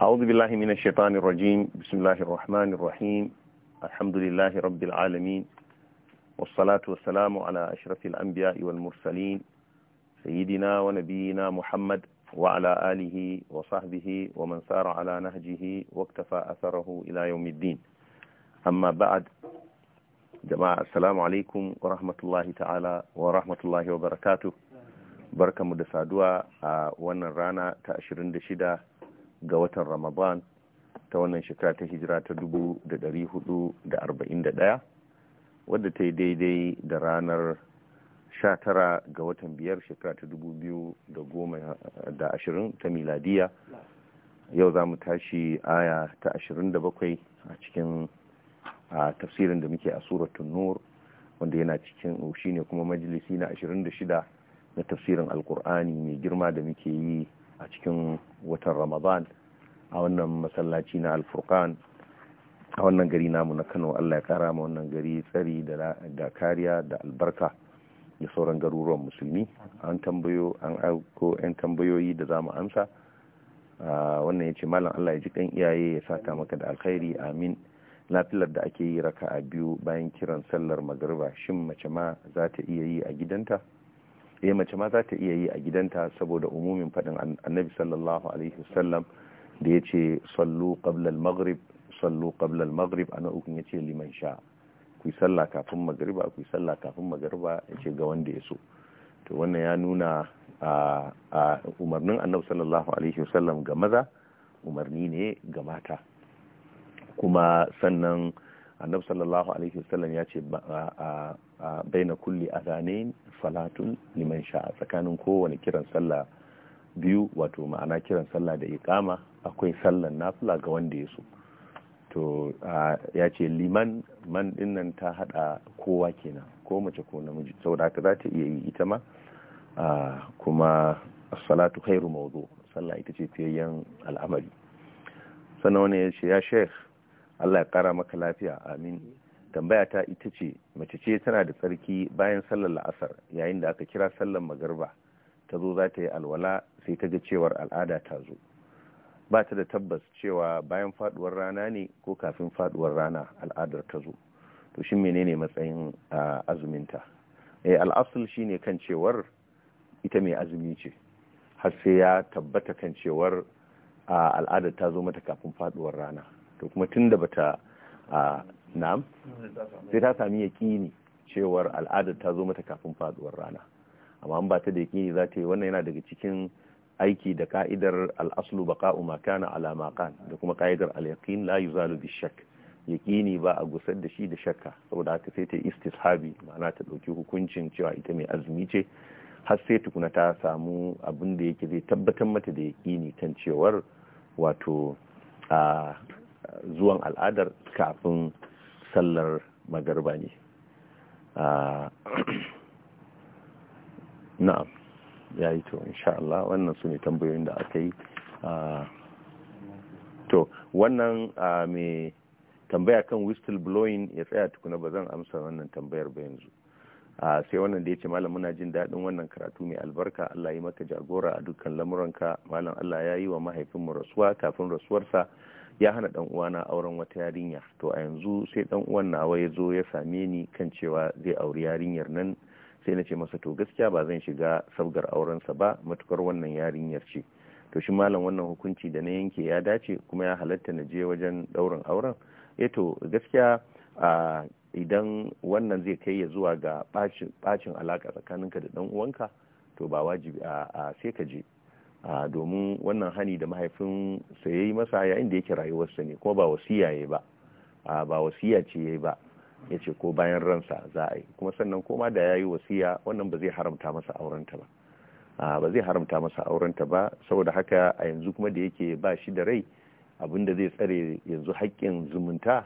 أعوذ بالله من الشيطان الرجيم بسم الله الرحمن الرحيم الحمد لله رب العالمين والصلاة والسلام على أشرف الأنبياء والمرسلين سيدنا ونبينا محمد وعلى آله وصحبه ومن سار على نهجه واكتفى أثره إلى يوم الدين أما بعد جماعة السلام عليكم ورحمة الله تعالى ورحمة الله وبركاته بركة مدسادوة وانا رانا تأشرين دشدة ga watan ramadan ta wannan shekara ta hijira ta daya wadda ta yi daidai da ranar sha tara ga watan biyar shekara ta 2020 eh, ta miladiya yau za mu tashi aya ta 27 a cikin tafsirin da muke a suratun nur wanda yana cikin shi ne kuma majalisi na shida na tafsirin alkur'ani mai girma da muke yi a cikin watan ramadan a wannan masallaci na alfurkan a wannan gari namu na kano allah ya kara ma wannan gari tsari da kariya da albarka da sauran garuruwan musulmi an tambayo an aiko 'yan tambayoyi da za mu amsa wannan ya ce malam allah ya ji kan iyaye ya sata maka da alkhairi amin lafilar da ake yi raka a biyu bayan kiran sallar magariba shin mace ma za ta iya yi a gidanta ya eh, mace ma za ta iya yi a gidanta saboda umumin faɗin annabi sallallahu alaihi wasallam da ya ce sallu qablal maghrib sallu qablal al-maghrib ana ukun ce liman sha ku yi sallah kafin magriba ku yi sallah kafin magriba ce ga wanda ya so to wannan ya nuna a umarnin annabi sallallahu alaihi wasallam ga maza umarni ne ga mata kuma sannan annabi sallallahu alaihi wasallam ya ce baina kulli azanin falatun liman sha'a tsakanin kowane kiran sallah biyu wato ma'ana kiran sallah da iqama akwai sallan nafila ga wanda ya so to ya ce liman man dinnan ta hada kowa kenan ko mace ko namiji saboda haka za ta iya yi ita ma kuma salatu khairu mawdu sallah ita ce fiyayyen al'amari sannan wani ya ce ya sheikh Allah ya kara maka lafiya amin tambaya ta ita ce mace ce tana da tsarki bayan sallar la'asar yayin da aka kira sallar magarba ta zo za ta yi alwala sai ta ga cewar al'ada ta zo ba ta da tabbas cewa bayan faduwar rana ne ko kafin faduwar rana al'adar ta zo to shi menene matsayin azuminta eh al'asul shine kan cewar ita mai azumi ce har sai ya tabbata kan cewar al'adar ta zo mata kafin faduwar rana to kuma tun da bata a nam sai ta sami yaƙini cewar al'adar ta zo mata kafin faduwar rana amma an ba ta da yaƙini za ta yi wannan yana daga cikin aiki da ka'idar al'aslu baqa'u ma na ala da kuma ka'idar al-yaqin zalu shak shak yaƙini ba a gusar da shi da shakka saboda haka sai ta yi istishabi ma'ana ta ɗauki hukuncin cewa ita mai azumi ce har sai tukuna ta samu abinda yake zai tabbatar mata da yaƙini kan cewar wato a zuwan al'adar kafin sallar magarba ne ah, na'am ya yi to insha Allah wannan su ne tambayoyin da aka yi ah, to wannan ah, mai tambaya kan whistle blowing ya tsaya tukuna ba zan amsa wannan tambayar ba yanzu sai wannan da ya ce malam muna jin daɗin wannan karatu mai albarka Allah yi maka jagora a dukkan lamuranka malam Allah ya yi wa mahaifinmu rasuwa kafin rasuwarsa ya hana dan uwana auren wata yarinya to a yanzu sai dan uwan nawa ya zo ya same ni kan cewa zai auri yarinyar nan sai na ce masa to gaskiya ba zan shiga sabgar aurensa ba matukar wannan yarinyar ce to shi malam wannan hukunci da na yanke ya dace kuma ya halatta na je wajen daurin auren eh to gaskiya a idan wannan zai kai ya zuwa ga bacin alaka tsakaninka da dan uwanka to ba wajibi a sai ka je domin wannan hani da mahaifin sa yayi masa yayin da yake rayuwarsa ne kuma ba wasiya yayi ba ba wasiya ce yayi ba ya ko bayan ransa za a yi kuma sannan koma da ya yi wasiya wannan ba zai haramta masa aurenta ba ba zai haramta masa aurenta ba saboda haka a yanzu kuma da yake ba shi da rai da zai tsare yanzu haƙƙin zumunta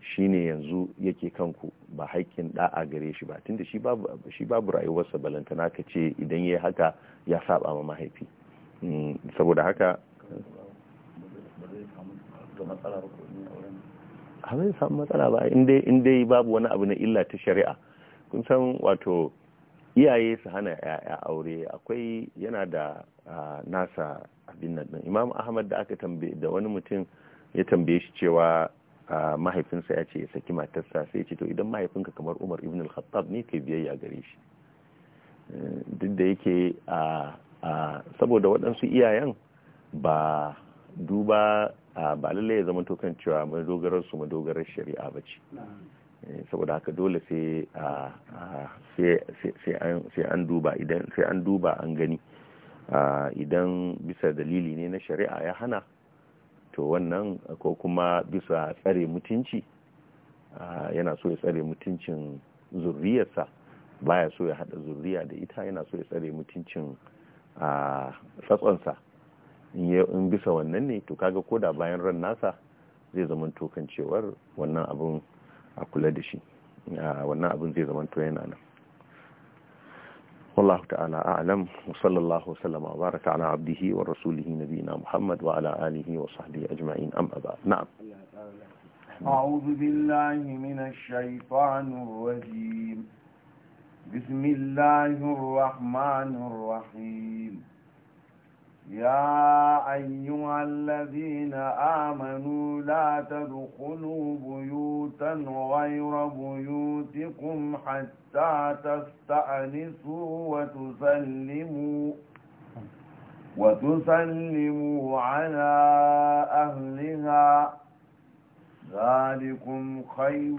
shine yanzu yake kanku ba haƙƙin da'a gare shi ba tunda shi babu rayuwarsa balantana ka ce idan ya yi haka ya saba ma mahaifi saboda haka a zai samu matsala ba in dai babu wani abu na illa ta shari'a kun san wato iyaye su hana ya'ya aure akwai yana da nasa abin nan imam ahmad da aka tambaye da wani mutum ya tambaye shi cewa mahaifinsa ya ce ya saki matarsa sai ce to idan mahaifinka kamar umar ibn al-khattab ne ke biyayya gare shi eh, duk da yake a saboda waɗansu iyayen ba duba ba lalle ya zama tokan cewa dogarar su dogarar shari'a ba ce eh, saboda haka dole sai an duba sai an duba an gani idan bisa dalili ne na shari'a ya hana to wannan ko kuma bisa tsare mutunci yana so ya tsare mutuncin zurriyarsa baya so ya hada zurriya da ita yana so ya tsare mutuncin a tsatsonsa in bisa wannan ne to kaga koda bayan ran nasa zai zama tokan cewar wannan abin a kula da shi wannan abin zai zama to yana nan sallallahu sallama wa baraka ala abdihi wa rasulihi nabiyina muhammad wa ala alihi wa sahbihi ajma'in am أبا na'am a'udhu billahi minash الشيطان rajim بسم الله الرحمن الرحيم يا أيها الذين آمنوا لا تدخلوا بيوتا غير بيوتكم حتى تستأنسوا وتسلموا وتسلموا على أهلها ذلكم خير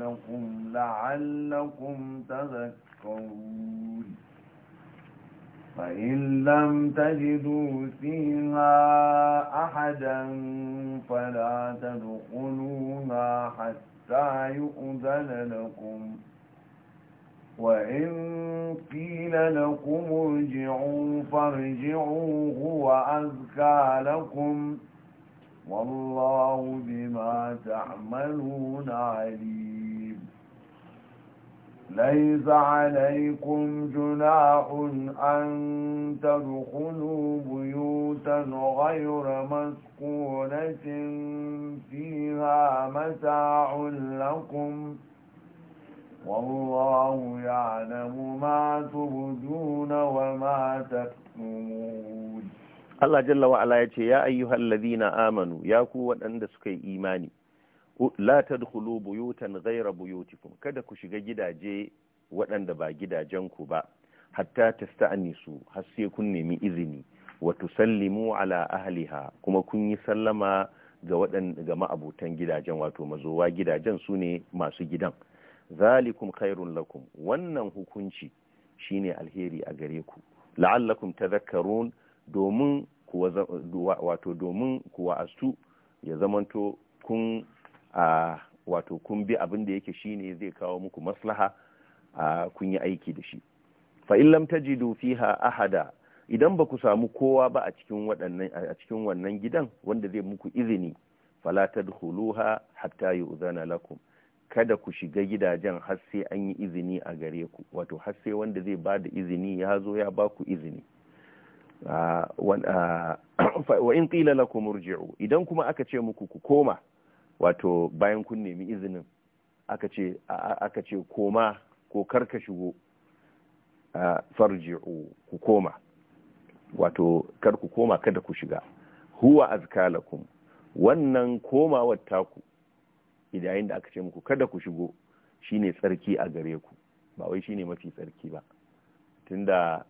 لكم لعلكم تذكرون تتقون فإن لم تجدوا فيها أحدا فلا تدخلوها حتى يؤذن لكم وإن قيل لكم ارجعوا فارجعوا هو أذكى لكم والله بما تعملون عليم ليس عليكم جناح أن تدخلوا بيوتا غير مسكونة فيها متاع لكم والله يعلم ما تبدون وما تكتمون الله جل وعلا يقول يا أيها الذين آمنوا يا كو أن تسكي إيماني la tadkhulu buyutan ghayra buyutikum kada ku shiga gidaje waɗanda ba gidajenku ba hatta tasta'nisu har sai kun nemi izini wa tusallimu ala ahliha kuma kun yi sallama ga waɗanda ga ma'abutan gidajen wato mazowa gidajen su ne masu gidan zalikum khairun lakum wannan hukunci shine alheri a gare ku la'allakum tadhakkarun domin kuwa wato domin kuwa astu ya zamanto kun a wato kun bi abin da yake shine zai kawo muku maslaha a kun yi aiki da shi fa in lam tajidu fiha ahada idan ba ku samu kowa ba a cikin waɗannan a cikin wannan gidan wanda zai muku izini fala tadkhuluha hatta yu'zana lakum kada ku shiga gidajen har sai an yi izini a gare ku wato har sai wanda zai ba da izini ya zo ya ba ku izini wa in qila lakum irji'u idan kuma aka ce muku ku koma wato bayan kun nemi izinin aka ce koma ko karka shigo farji'u ku koma wato kar koma kada ku shiga huwa azkalakum wannan komawar taku idayin da aka ce muku kada ku shigo shine tsarki a gare ku ba wai shine mafi tsarki ba tunda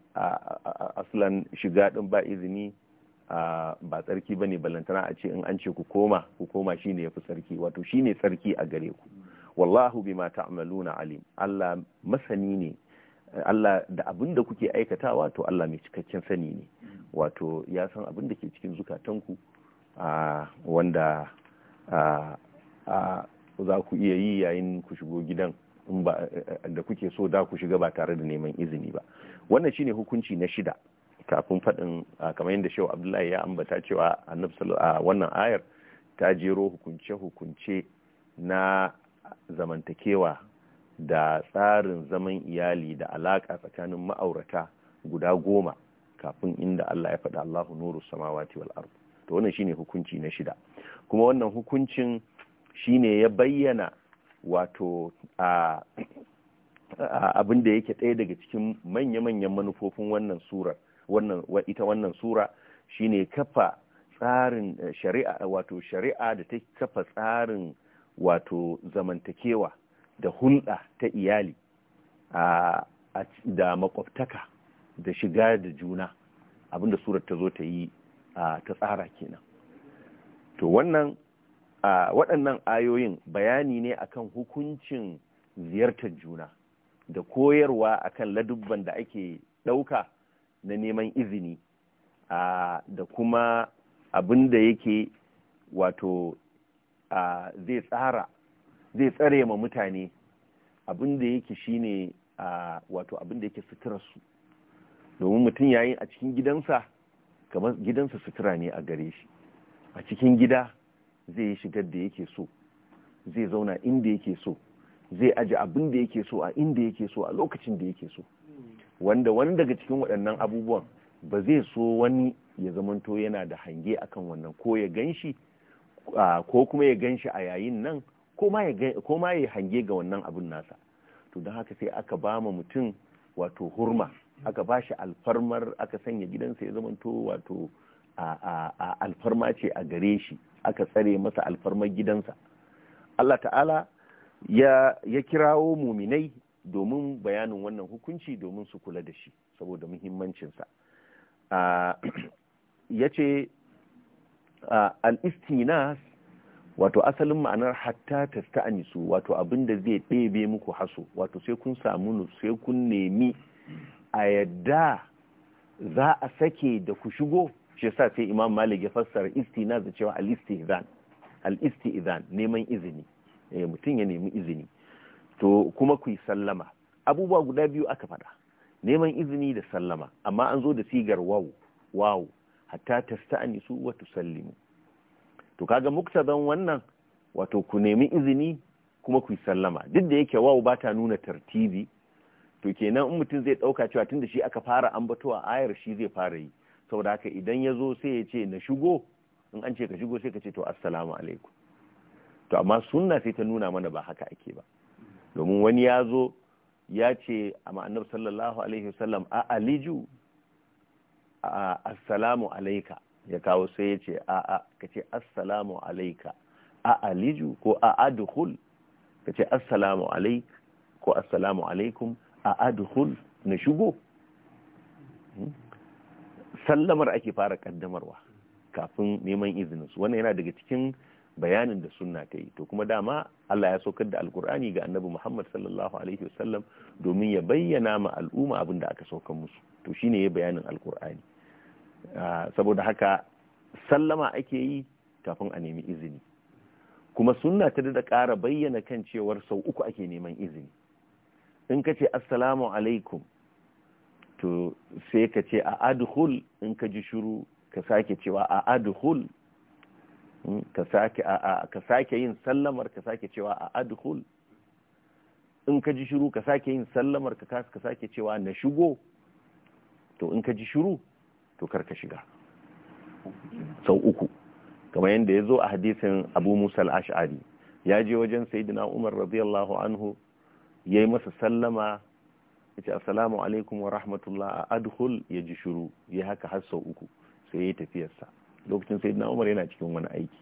aslan shiga din ba izini ba tsarki ba ne balantana a ce in an ce ku koma ku koma shi ne ya fi tsarki wato shi ne tsarki a gare ku wallahu amalu na alim Allah masani ne Allah da abin da kuke aikata wato Allah mai cikakken sani ne wato ya san abin da ke cikin zukatanku wanda za ku iya yi yayin ku shigo gidan da kuke so da ku shiga ba tare da neman izini ba wannan shine hukunci na shida kafin faɗin kamar yadda shehu abdullahi ya ambata cewa a wannan ayar ta jero hukunce-hukunce na zamantakewa da tsarin zaman iyali da alaƙa tsakanin ma'aurata guda goma kafin inda Allah ya faɗa Allahu nuru samawati wal ardu to wannan shine hukunci na shida kuma wannan hukuncin shine ya bayyana wato a abin yake ɗaya daga cikin manya-manyan manufofin wannan surar wannan ita wannan sura shine kafa tsarin eh, shari'a wato shari'a da ta kafa tsarin wato zamantakewa da hulɗa ta iyali da makwabtaka da shiga da juna abinda surar ta zo ta yi ta tsara kenan to wannan waɗannan ayoyin bayani ne akan hukuncin ziyartar juna da koyarwa akan ladubban da ake ɗauka na neman izini da kuma abin da yake wato zai tsara zai tsare ma mutane abin da yake shine wato abin da yake su domin mutum yayin a cikin gidansa kamar gidansa sutura ne a gare shi a cikin gida zai yi shigar da yake so zai zauna inda yake so zai aji abin da yake so a inda yake so a lokacin da yake so wanda wani daga cikin waɗannan abubuwan ba zai so wani ya zamanto yana da hange akan wannan ko ya ganshi ko kuma ya ganshi a yayin nan ko ma ya hange ga wannan abun nasa to don haka sai aka ba ma mutum wato hurma aka ba shi alfarmar aka sanya gidansa ya zamanto wato a alfarma ce a gare shi aka tsare masa alfarmar gidansa Allah ta'ala ya kirawo muminai domin bayanin wannan hukunci domin su kula da shi saboda muhimmancinsa ya ce al'istinas wato asalin ma'anar hatta ta sta'anisu wato abinda zai ɗebe muku haso wato sai kun samu sai kun nemi a yadda za a sake da ku shigo shi sa sai imam malik ya fassara istinas da cewa al neman izini eh, mutum ya nemi izini to kuma ku yi sallama abubuwa guda biyu aka faɗa neman izini da sallama amma an zo da sigar wawu wawu hatta su wa tusallimu to kaga don wannan wato ku nemi izini kuma ku yi sallama duk da yake wawu bata nuna tartibi to kenan in mutum zai dauka cewa tunda shi aka fara ambato a ayar shi zai fara yi saboda haka idan ya zo sai ya ce na shigo in an ce ka shigo sai ka ce to assalamu alaikum to amma sunna sai ta nuna mana ba haka ake ba domin wani ya zo ya ce a ma'anar sallallahu alaihi wasallam a aliju a assalamu alaika ya kawo sai ya ce a a ka ce assalamu alaika a aliju ko a adhul ka ce assalamu alaik ko assalamu alaikum a adhul na shigo hmm? sallamar ake fara kaddamarwa kafin neman izinin su wannan yana daga cikin bayanin da sunna ta yi to kuma dama Allah ya saukar da alkur'ani ga annabi Muhammad sallallahu alaihi wasallam domin ya bayyana ma al'umma abin da aka saukar musu to shine ya bayanin alkur'ani ah, saboda haka sallama ake yi kafin a nemi izini kuma sunna ta da ƙara bayyana kan cewar sau uku ake neman izini in ka ce assalamu alaikum to sai ka ce a adhul in ka ji shuru ka sake cewa a adhul Mm, ka sake a ka sake yin sallamar ka sake cewa a adhul in ka ji shiru ka sake yin sallamar ka ka sake cewa na shigo to in ka ji shiru to kar ka shiga sau uku kamar yadda ya zo a hadisin abu musa al'ash'ari ya je wajen sayidina umar radiyallahu anhu ya yi masa sallama ya ce assalamu alaikum wa rahmatullah a adhul ya ji shiru ya haka har sau uku sai ya yi tafiyarsa lokacin na umar yana cikin wani aiki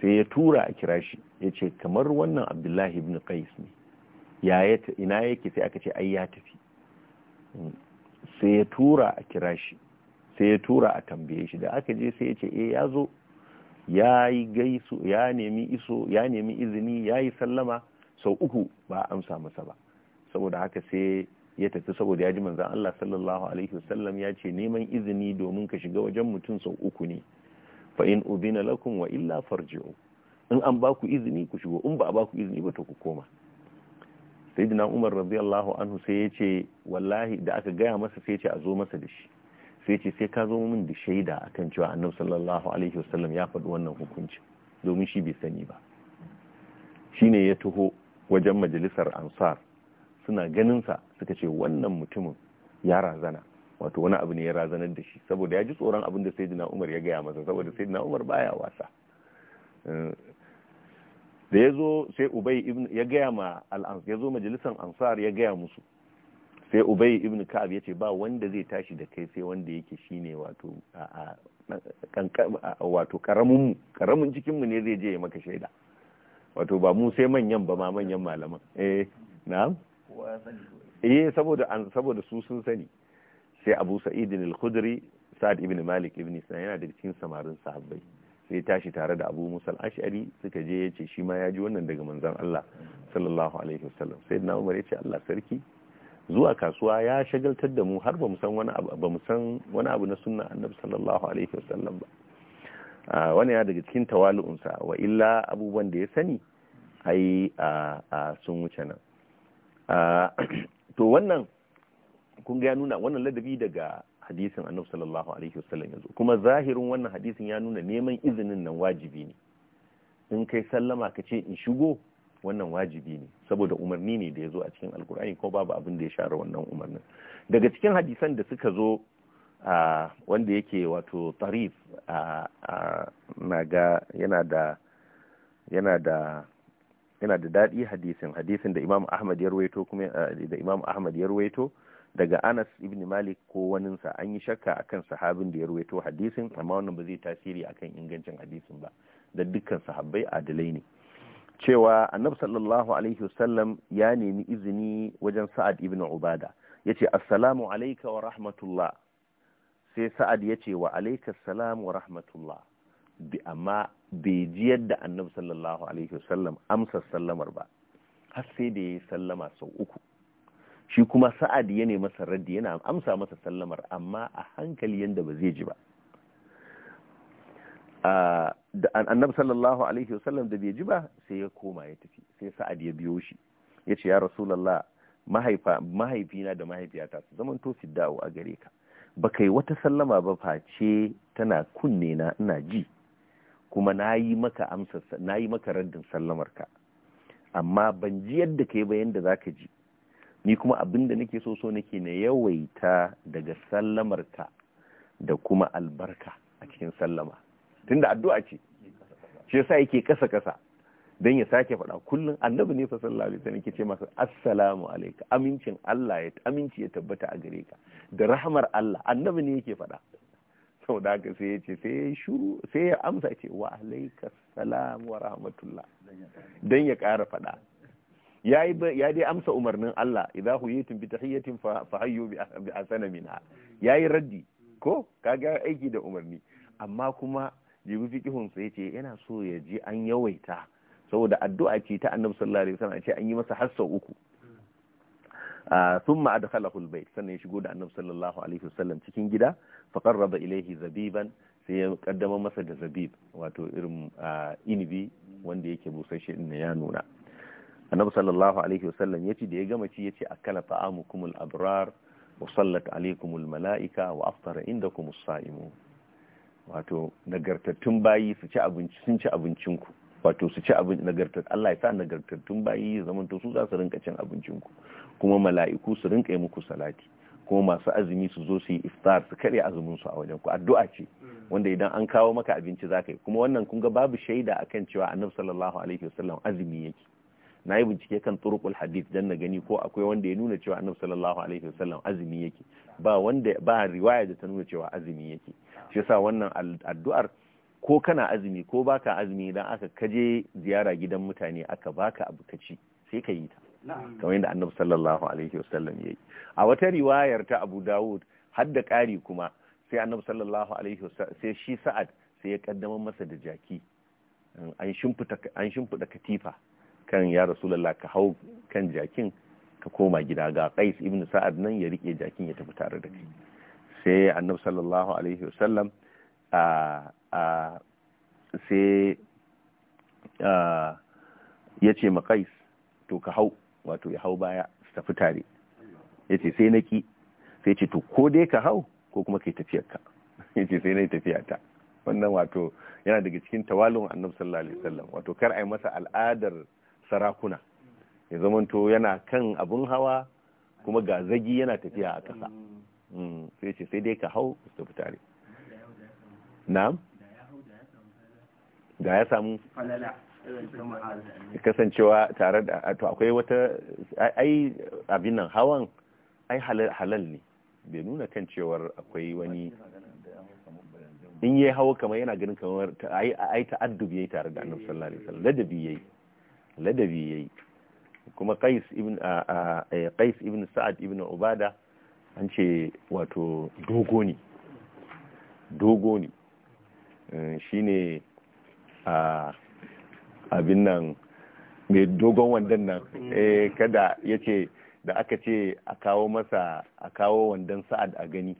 sai ya tura a kira shi ya ce kamar wannan abdullahi ibn qais ne ina yake sai aka ce ai ya tafi sai ya tura a kira shi sai ya tura a tambaye shi da aka je sai ya ce eh ya zo ya yi gaisu ya nemi iso ya nemi izini ya yi sallama sau uku ba amsa masa ba saboda haka sai ya tafi saboda ya ji manzan Allah sallallahu alaihi wasallam ya ce neman izini domin ka shiga wajen mutum sau uku ne fa in udina lakum wa illa farji'u in an ba ku izini ku shigo in ba a ba ku izini ba to ku koma sayyidina Umar radiyallahu anhu sai ya ce wallahi da aka gaya masa sai ya ce a zo masa da shi sai ce sai ka zo min da shaida akan cewa annabi sallallahu alaihi wasallam ya faɗi wannan hukunci domin shi bai sani ba shine ya taho wajen majalisar ansar suna ganinsa suka ce wannan mutumin ya razana wato wani abu ne ya razanar da shi saboda ya ji tsoron abin da saidina umar ya gaya masa saboda saidina umar baya wasa da ya zo sai ubay ibn ya gaya ma al'ans ya zo majalisar ansar ya gaya musu sai ubay ibn ka'ab ya ce ba wanda zai tashi da kai sai wanda yake shine wato wato karamin karamin cikin mu ne zai je ya maka shaida wato ba mu sai manyan ba ma manyan malaman eh na'am eh saboda an saboda su sun sani sai Abu Sa'id al-Khudri Sa'ad ibn Malik ibn Sinan yana daga cikin samarin sahabbai sai tashi tare da Abu Musa al-Ash'ari suka je yace shi ma ya ji wannan daga manzon Allah sallallahu alaihi wasallam na Umar yace Allah sarki zuwa kasuwa ya shagaltar da mu har ba mu san wani abu ba mu san wani abu na sunna annabi sallallahu alaihi wasallam ba wani ya daga cikin tawalu'unsa wa illa abubuwan da ya sani ai sun wuce nan Ah, to wannan kun ga ya nuna wannan ladabi daga hadisin annabi sallallahu alaihi wasallam yanzu kuma zahirin wannan hadisin ya nuna neman izinin nan wajibi ne in kai sallama ka ce in shigo wannan wajibi ne saboda umarni ne da ya zo a cikin alkur'ani ko babu abin da ya share wannan umarnin daga cikin hadisan da suka zo a ah, wanda yake wato tarif a ah, na ga yana da yana da yana da daɗi hadisin hadisin da imam ahmad ya ruwaito kuma eh, da imam ahmad ya ruwaito daga anas ibn malik ko waninsa an yi shakka akan sahabin da ya ruwaito hadisin amma wannan ba zai tasiri akan ingancin hadisin ba da dukkan sahabbai adalai ne cewa annabi sallallahu alaihi wasallam ya nemi izini wajen sa'ad ibn ubada yace assalamu alayka wa rahmatullah sai sa'ad yace wa alayka assalam wa rahmatullah amma bai ji yadda annabi sallallahu alaihi wasallam amsa sallamar ba har sai da ya yi sallama sau uku shi kuma sa'ad ya ne masa raddi yana amsa masa sallamar amma a hankali yadda ba zai ji ba da annabi sallallahu alaihi wasallam da bai ji ba sai ya koma ya tafi sai sa'ad ya biyo shi ya ce ya rasulallah mahaifina da mahaifiyata su zaman to a gare ka ba kai wata sallama ba face tana kunne na ina ji kuma na yi maka amsar na yi maka raddin sallamarka amma ban ji yadda ka yi ba yadda za ka ji ni kuma abin da nake so so nake na yawaita daga sallamar ka. da kuma albarka a cikin sallama tunda addu'a ce shi yasa yake kasa kasa dan ya sake faɗa kullum annabi ne fa sallallahu alaihi wasallam yake ce masa assalamu alayka amincin Allah ya aminci ya tabbata a gare ka da rahmar Allah annabi ne yake faɗa sau da ka sai ya ce sai ya shuru sai ya amsa ce wa alaika salam wa rahmatullah don ya ƙara faɗa ya dai amsa umarnin Allah idza huyitum bi tahiyatin fa hayyu bi asana ya yayi raddi ko kaga aiki da umarni amma kuma jibi fikihun sai yace yana so ya ji an yawaita saboda addu'a ce ta Annabi sallallahu alaihi wasallam ce an yi masa hassa uku thumma adkhalahu albayt sannan ya shigo da annabi sallallahu alaihi wasallam cikin gida fa qarraba ilayhi zabiban sai ya kaddama masa da zabib wato irin inibi wanda yake busasshe din ya nuna annabi sallallahu alaihi wasallam yace da ya gama ci yace akala ta'amukumul abrar wa sallat alaikumul malaika wa aftara indakumus sa'imu wato nagartattun bayi su ci abinci sun ci abincinku wato su ci abin nagartat Allah ya sa nagartattun bayi ya zama to su za su rinka cin abincinku kuma mala'iku su rinka muku salati kuma masu azumi su zo su yi iftar su karya azumin su a wajen ku addu'a ce wanda idan an kawo maka abinci zaka yi kuma wannan kun ga babu shaida akan cewa annabi sallallahu alaihi wasallam azumi yake na yi bincike kan turuqul hadith dan na gani ko akwai wanda ya nuna cewa annabi sallallahu alaihi wasallam azumi yake ba wanda ba riwaya da ta nuna cewa azumi yake shi yasa wannan addu'ar ko kana azumi ko baka azumi idan aka kaje ziyara gidan mutane aka baka abu kaci sai ka yi ta kamar yadda annabi sallallahu alaihi wasallam yayi a wata riwayar ta Abu Dawud har da ƙari kuma sai annabi sallallahu alaihi sallam, sai shi Sa'ad sai ya kaddama masa da jaki an shimfida an katifa kan ya rasulullah ka hau kan jakin ka koma gida ga Qais ibn Sa'ad nan ya rike jakin ya tafi tare da kai sai annabi sallallahu alaihi wasallam a a sai ya ce ma Qais to ka hau wato ya hau baya su tafi tare ya ce sai na sai ce to ko dai ka hau ko kuma kai tafiyar ka ya ce sai na yi tafiya ta wannan wato yana daga cikin tawalin annabi sallallahu alaihi wasallam wato kar a yi masa al'adar sarakuna ya zamanto yana kan abun hawa kuma ga zagi yana tafiya a ƙasa mm, sai ce sai dai ka hau su tafi tare na'am da ya samu falala kasancewa tare da to akwai wata ai abin nan hawan ai halal ne bai nuna kan cewar akwai wani in yi hawa kamar yana ganin kamar ai ai ta'addub yayi tare da annabi sallallahu alaihi wasallam ladabi yayi ladabi yayi kuma qais ibn qais ibn sa'ad ibn ubada an ce wato dogo ne dogo ne eh, shine a abin nan mai dogon wandan nan eh, kada ya ce da aka ce a kawo masa a kawo wandan sa'ad a gani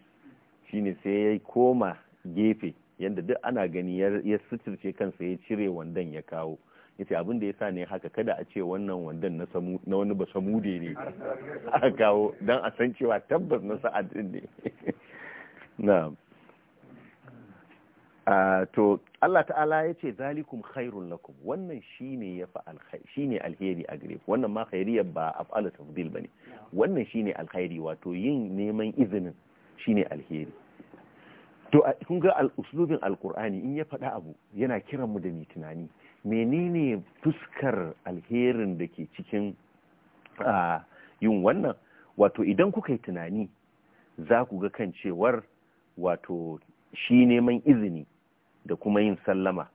shine sai ya koma gefe yadda duk ana gani ya suturce kansa ya cire wandan ya kawo ya ce abin da ya sa ne haka kada a ce wannan wandan na wani ba samude ne a kawo don a san cewa tabbas na sa'ad din ne na ah, to Allah ta'ala ya ce zalikum khairun lakum wannan shine ya fa shine alheri a gare ku wannan ma khairiyar ba af'alu tafdil bane wannan shine alkhairi wato yin neman izinin shine alheri to kun ga uslubin alqur'ani in ya faɗa abu yana kiran mu da ni tunani menene fuskar alherin da ke cikin yin wannan wato idan kuka yi tunani za ku ga kan cewar wato shi neman izini da kuma yin sallama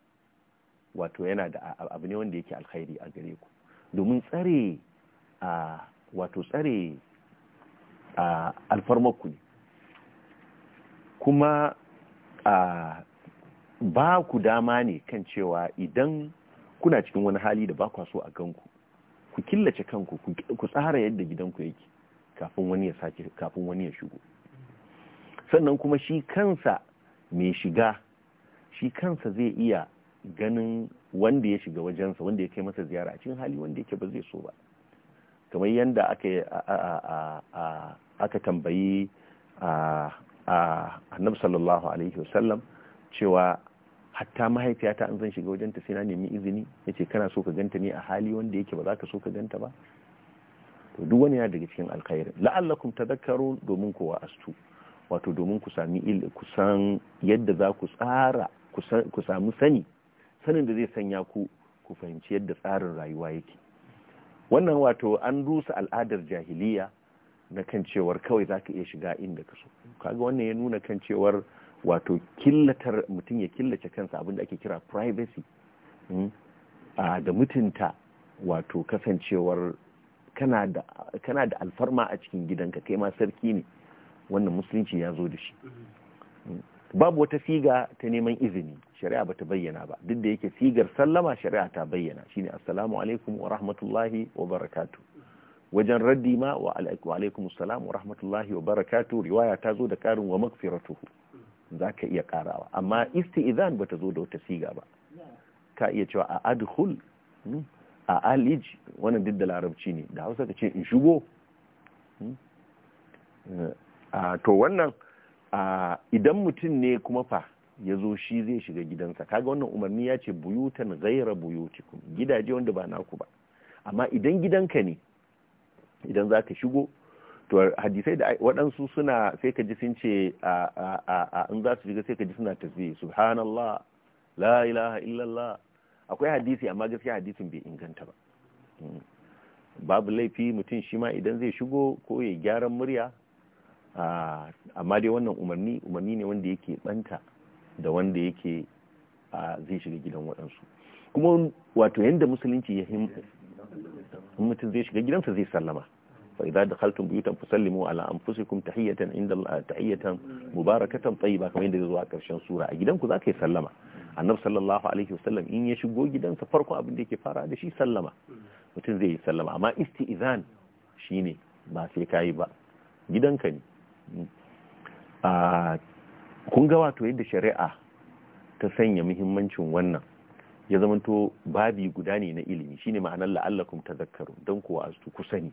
wato yana da abu ne wanda yake alkhairi a gare ku domin tsare a wato tsare a alfarmaku kuma a ba ku dama ne kan cewa idan kuna cikin wani hali da ba so a ganku ku killace kanku ku tsara yadda gidanku yake kafin wani ya shigo sannan kuma shi kansa mai shiga shi kansa zai iya ganin wanda ya shiga wajensa wanda ya kai masa ziyara a cikin hali wanda yake ba zai so ba kamar yadda aka tambayi annabi sallallahu alaihi wasallam cewa hatta mahaifiyata an zan shiga wajenta sai na nemi izini Ya ce kana so ka ganta ne a hali wanda yake ba za ka so ka ganta ba to duk wani yana daga cikin alkhairi la'allakum tadhakkaru domin kowa astu wato domin ku sami ku san yadda za ku tsara ku samu sani sanin da zai sanya ku ku fahimci yadda tsarin rayuwa yake wannan wato an rusa al'adar jahiliya na kan cewar kawai za ka iya shiga inda ka so kaga wannan ya nuna kan cewar wato killatar mutum ya killace kansa abinda ake kira privacy hmm, A da mutunta wato kasancewar kana da alfarma a cikin gidanka kai ma sarki ne wannan musulunci ya zo da shi hmm. babu wata siga ta neman izini shari'a ba ta bayyana ba duk da yake sigar sallama shari'a ta bayyana shine assalamu alaikum wa rahmatullahi wa barakatu wajen raddi ma wa alaikum salam wa rahmatullahi wa barakatu riwaya ta zo da karin wa magfiratuhu ka iya karawa amma isti'zan ba ta zo da wata siga ba ka iya cewa a adhul hmm, a alij wannan duk da larabci ne da Hausa ka ce in shigo hmm, eh, to wannan idan mutum ne kuma fa ya zo shi zai shiga gidansa kaga wannan umarni ya ce buyutan gaira buyutikum gidaje wanda ba naku ba amma idan gidanka ne idan za ka shigo to hadisai da waɗansu suna sai ka ji sun ce in za su shiga sai ka ji suna tasbihi subhanallah la ilaha illallah akwai hadisi amma gaskiya hadisin bai inganta ba hmm. babu laifi mutum shi ma idan zai shigo ko ya gyaran murya amma dai wannan umarni umarni ne wanda yake banta da wanda yake zai shiga gidan waɗansu kuma wato yadda musulunci ya him mutum zai shiga gidansa zai sallama fa idza dakhaltum buyutan fasallimu ala anfusikum tahiyatan inda tahiyatan mubarakatan tayyiba kamar yadda zuwa karshen sura a gidanku zaka yi sallama annabi sallallahu alaihi sallam in ya shigo gidansa farko abin da yake fara da shi sallama mutum zai yi sallama amma isti'zan shine ba sai yi ba gidanka ne kun ga wato yadda shari'a ta sanya muhimmancin wannan ya zamanto babi guda ne na ilimi shine ma'anar la'allakum tazakkaru don kuwa astu ku sani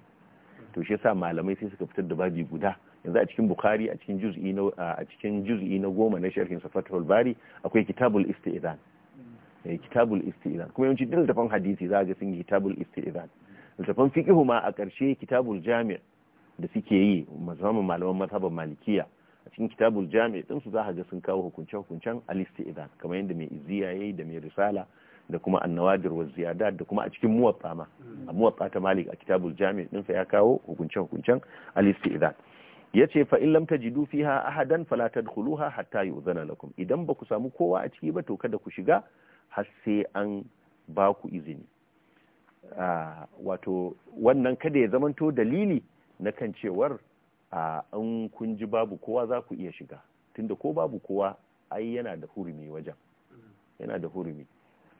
to shi yasa malamai sai suka fitar da babi guda yanzu a cikin bukari a cikin juz'i na a cikin juz'i na goma na sharhin safatul bari akwai kitabul isti'zan eh kitabul isti'zan kuma yawanci dukkan hadisi za ga sun yi kitabul isti'zan tafan fiqhu ma a ƙarshe kitabul jami'a. da suke yi musamman malaman mazhabar malikiya a cikin kitabul jami din su zaka ga sun kawo hukunce hukuncen al idan kamar yadda mai izziya yayi da mai risala da kuma annawadir wa ziyadat da kuma a cikin muwatta ma hmm. a muwatta ta malik a kitabul jami din sa ya kawo hukunce hukuncen al ya yace fa in lam tajidu fiha ahadan fala tadkhuluha hatta yu'zana lakum idan ba ku samu kowa a ciki ba to kada ku shiga har sai an ba ku izini ah, wato wannan kada ya zamanto dalili na kan cewar a in kun ji babu kowa za ku iya shiga tunda ko babu kowa ai yana da hurumi wajen yana da hurumi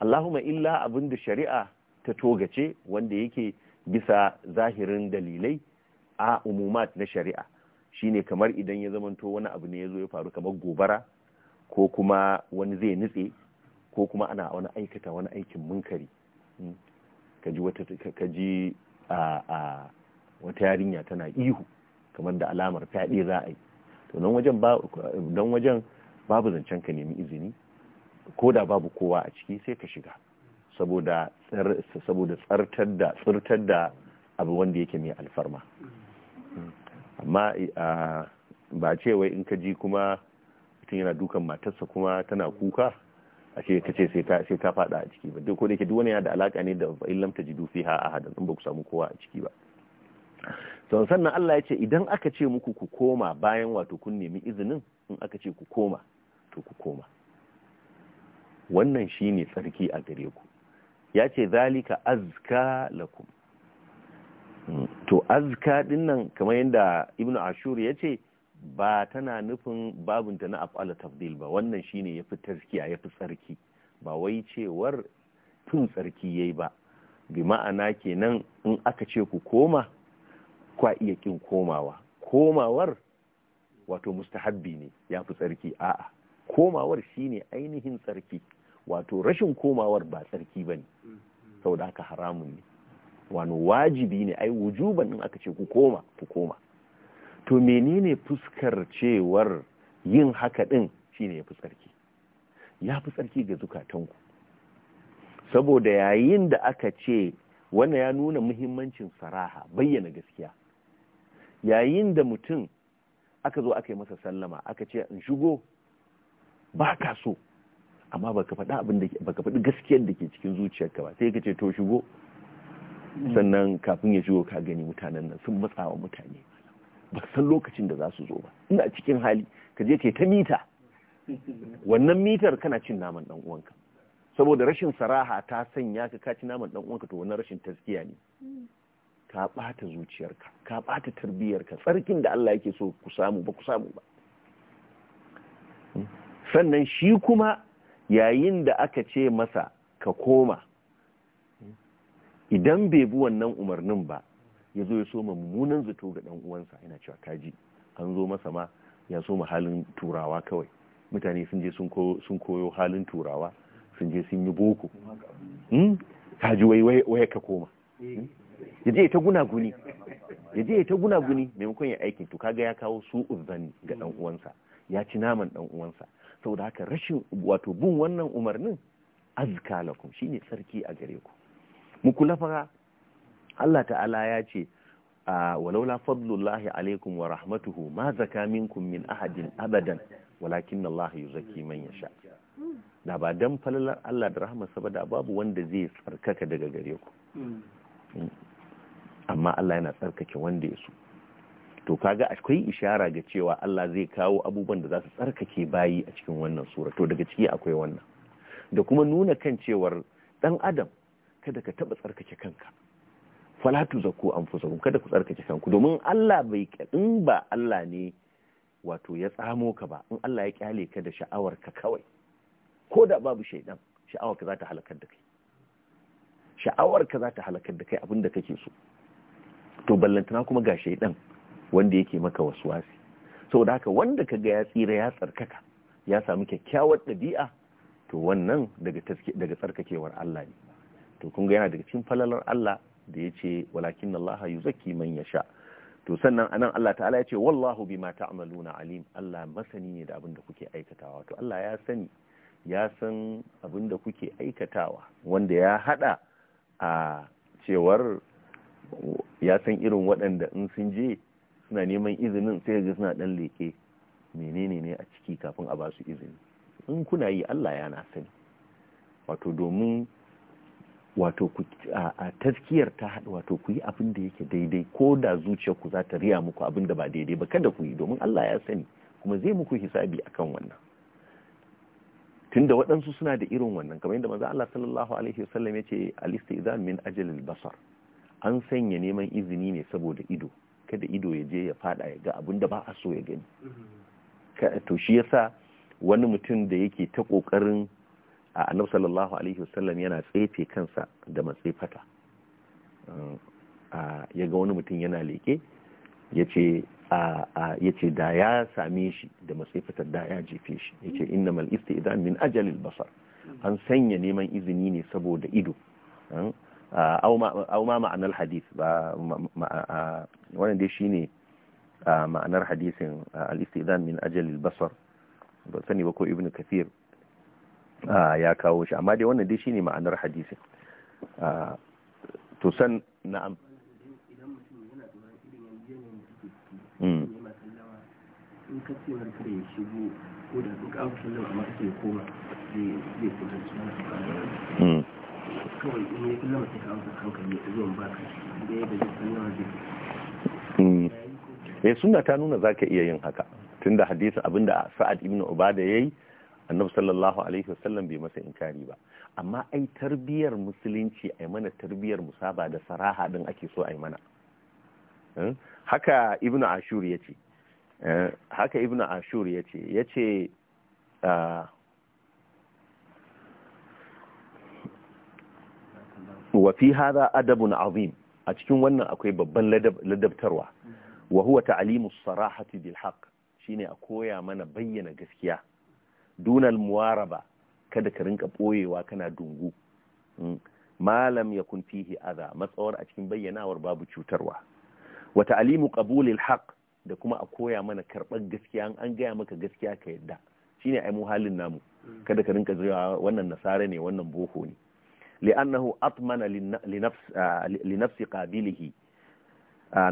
allahumma illa abin da shari'a ta togace wanda yake bisa zahirin dalilai a umumat na shari'a shine kamar idan ya zamanto wani abu ne ya zo ya faru kamar gobara ko kuma wani zai nutse ko kuma ana wani aikata wani aikin munkari hmm. ka ji wata ka ji a wata yarinya tana ihu kamar da alamar fyaɗe za a yi to don wajen babu zancen ka nemi izini ko da babu kowa a ciki sai ka shiga saboda tsartar da tsirtar da abu wanda yake mai alfarma amma ba ce wai in ka ji kuma mutum yana dukan matarsa kuma tana kuka a ce ka ce sai ka fada a ciki ba duk wani yana da alaka ne da in lamta ji dufi ha a hadan ba ku samu kowa a ciki ba to sannan Allah ya ce idan aka ce muku ku koma bayan wato kun nemi izinin in aka ce ku koma to ku koma wannan shine tsarki a gare ku ya ce zalika azka lakum hmm. to azka dinnan kamar yadda ibnu ashur ya ce ba tana nufin babinta na af'ala tafdil ba wannan shine yafi tazkiya fi tsarki ba wai cewar tun tsarki yayi ba bi ma'ana kenan in aka ce ku koma kwa iya kin komawa komawar wato mustahabbi ne ya fi tsarki a'a komawar shine ainihin tsarki wato rashin komawar ba tsarki ba ne da haka haramun ne wani wajibi ne ai wujuban in aka ce ku koma ku koma to menene fuskar cewar yin haka din shine ya fi tsarki ya fi tsarki ga zukatanku saboda yayin da aka ce wannan ya nuna muhimmancin saraha bayyana gaskiya yayin da mutum aka zo aka yi masa sallama aka ce in shigo ba ka so amma baka ka faɗi gaskiyar da ke cikin zuciyarka ba sai ka ce to shigo mm. sannan kafin ya shigo ka gani mutanen nan sun matsawa mutane ba san lokacin da za su zo ba ina cikin hali ka je ke ta mita wannan mitar kana cin naman dan uwanka saboda rashin saraha ta sanya ka ci naman dan uwanka to wannan rashin taskiya ne mm. ka ɓata zuciyarka ka ɓata tarbiyyarka tsarkin da Allah yake so ku samu ba ku samu ba sannan shi kuma yayin da aka ce masa ka koma idan bai bi wannan umarnin ba ya zo ya so mummunan zato ga ɗan uwansa yana cewa kaji an zo masa ma ya so halin turawa kawai mutane sun je sun koyo halin turawa sun je sun yi boko hmm? kaji wai ka koma eh. ya je ta gunaguni ya je ta gunaguni maimakon ya aikin to kaga ya kawo su uzani ga dan uwansa ya ci naman dan uwansa saboda haka rashin wato bin wannan umarnin azka lakum shine sarki a gare ku mu kula fa Allah ta'ala ya ce walaula fadlullahi alaikum wa rahmatuhu ma zaka minkum min ahadin abadan walakin Allah yuzakki man yasha da ba dan falalar Allah da rahmarsa ba da babu wanda zai tsarkaka daga gare ku hmm. Hmm. amma Allah yana tsarkake wanda ya so to kaga akwai ishara ga cewa Allah zai kawo abubuwan da za su tsarkake bayi a cikin wannan sura to daga ciki akwai wannan da kuma nuna kan cewar dan adam kada ka taba tsarkake kanka falatu zaku anfusakum kada ku tsarkake kanku domin Allah bai in ba Allah ne wato ya tsamo ka ba in Allah ya kyale ka da sha'awar ka kawai ko da babu shaidan sha'awar ka za ta halakar da kai sha'awar ka za ta halakar da kai abinda kake so to ballantana kuma ga shaidan wanda yake maka wasu waswasi saboda haka wanda kaga ya tsira ya tsarkaka ya samu kyakkyawar ɗabi'a to wannan daga tsarkakewar Allah ne to kun ga yana daga cikin falalar Allah da ya ce walakin Allah yuzakki man yasha to sannan anan Allah ta'ala ya ce wallahu bima ta'maluna alim Allah masani ne da abin da kuke aikatawa to Allah ya sani ya san abin da kuke aikatawa wanda ya haɗa a cewar ya san irin waɗanda in sun je suna neman izinin sai ga suna ɗan leke menene ne a ciki kafin a ba su izini in kuna yi Allah ya na sani wato domin wato a taskiyar ta haɗu wato ku yi abin da yake daidai ko da zuciya ku za ta riya muku abin da ba daidai ba kada ku yi domin Allah ya sani kuma zai muku hisabi akan wannan tunda waɗansu suna da irin wannan kamar yadda maza Allah sallallahu alaihi wasallam ya ce al-istizan min ajalil basar an sanya neman izini ne saboda ido kada ido ya je ya fada ya ga abin da ba a so ya gani to shi yasa wani mutum da yake ta kokarin a annabi sallallahu alaihi wasallam yana tsefe kansa da matsefata uh, ya ga wani mutum yana leke ya ce da ya same shi da matsefatar da ya jefe shi ya ce inna istidan min ajalil basar an sanya neman izini ne saboda ido uh, Ah, au ma ma'anar hadith ba ah, wannan dai shine ah, ma'anar hadisin al-istizan min ajal al-basar ba sani ba ko ibnu kathir ya kawo shi amma dai wannan dai shine ma'anar hadisin to san na'am in ka ce wani ya shigo ko da duk abu sallama amma kake hmm. koma zai kudanci kawai ya sallama hankali zuwan eh sunna ta nuna zaka iya yin haka tunda hadisi abinda Sa'ad ibn Ubada yayi Annabi sallallahu alaihi wasallam bai masa inkari ba amma ai tarbiyar musulunci ai mana tarbiyar musaba da saraha din ake so ai mana eh, haka Ibn ashur yace eh, haka ibn ashur yace yace ah, wa fi adabun azim a cikin wannan akwai babban ladabtarwa wa huwa ta'limu sarahati bil haqq shine a koya mana bayyana gaskiya dunal muwaraba kada ka rinka boyewa kana dungu hmm. malam yakun fihi adha matsawar a cikin bayyanawar babu cutarwa wa ta'limu qabulil haqq da kuma a koya mana karɓar gaskiya an gaya maka gaskiya ka yadda shine ai mu halin namu kada ka rinka zuwa wannan nasara ne wannan boko ne li'annahu atmana li nafsi qabilihi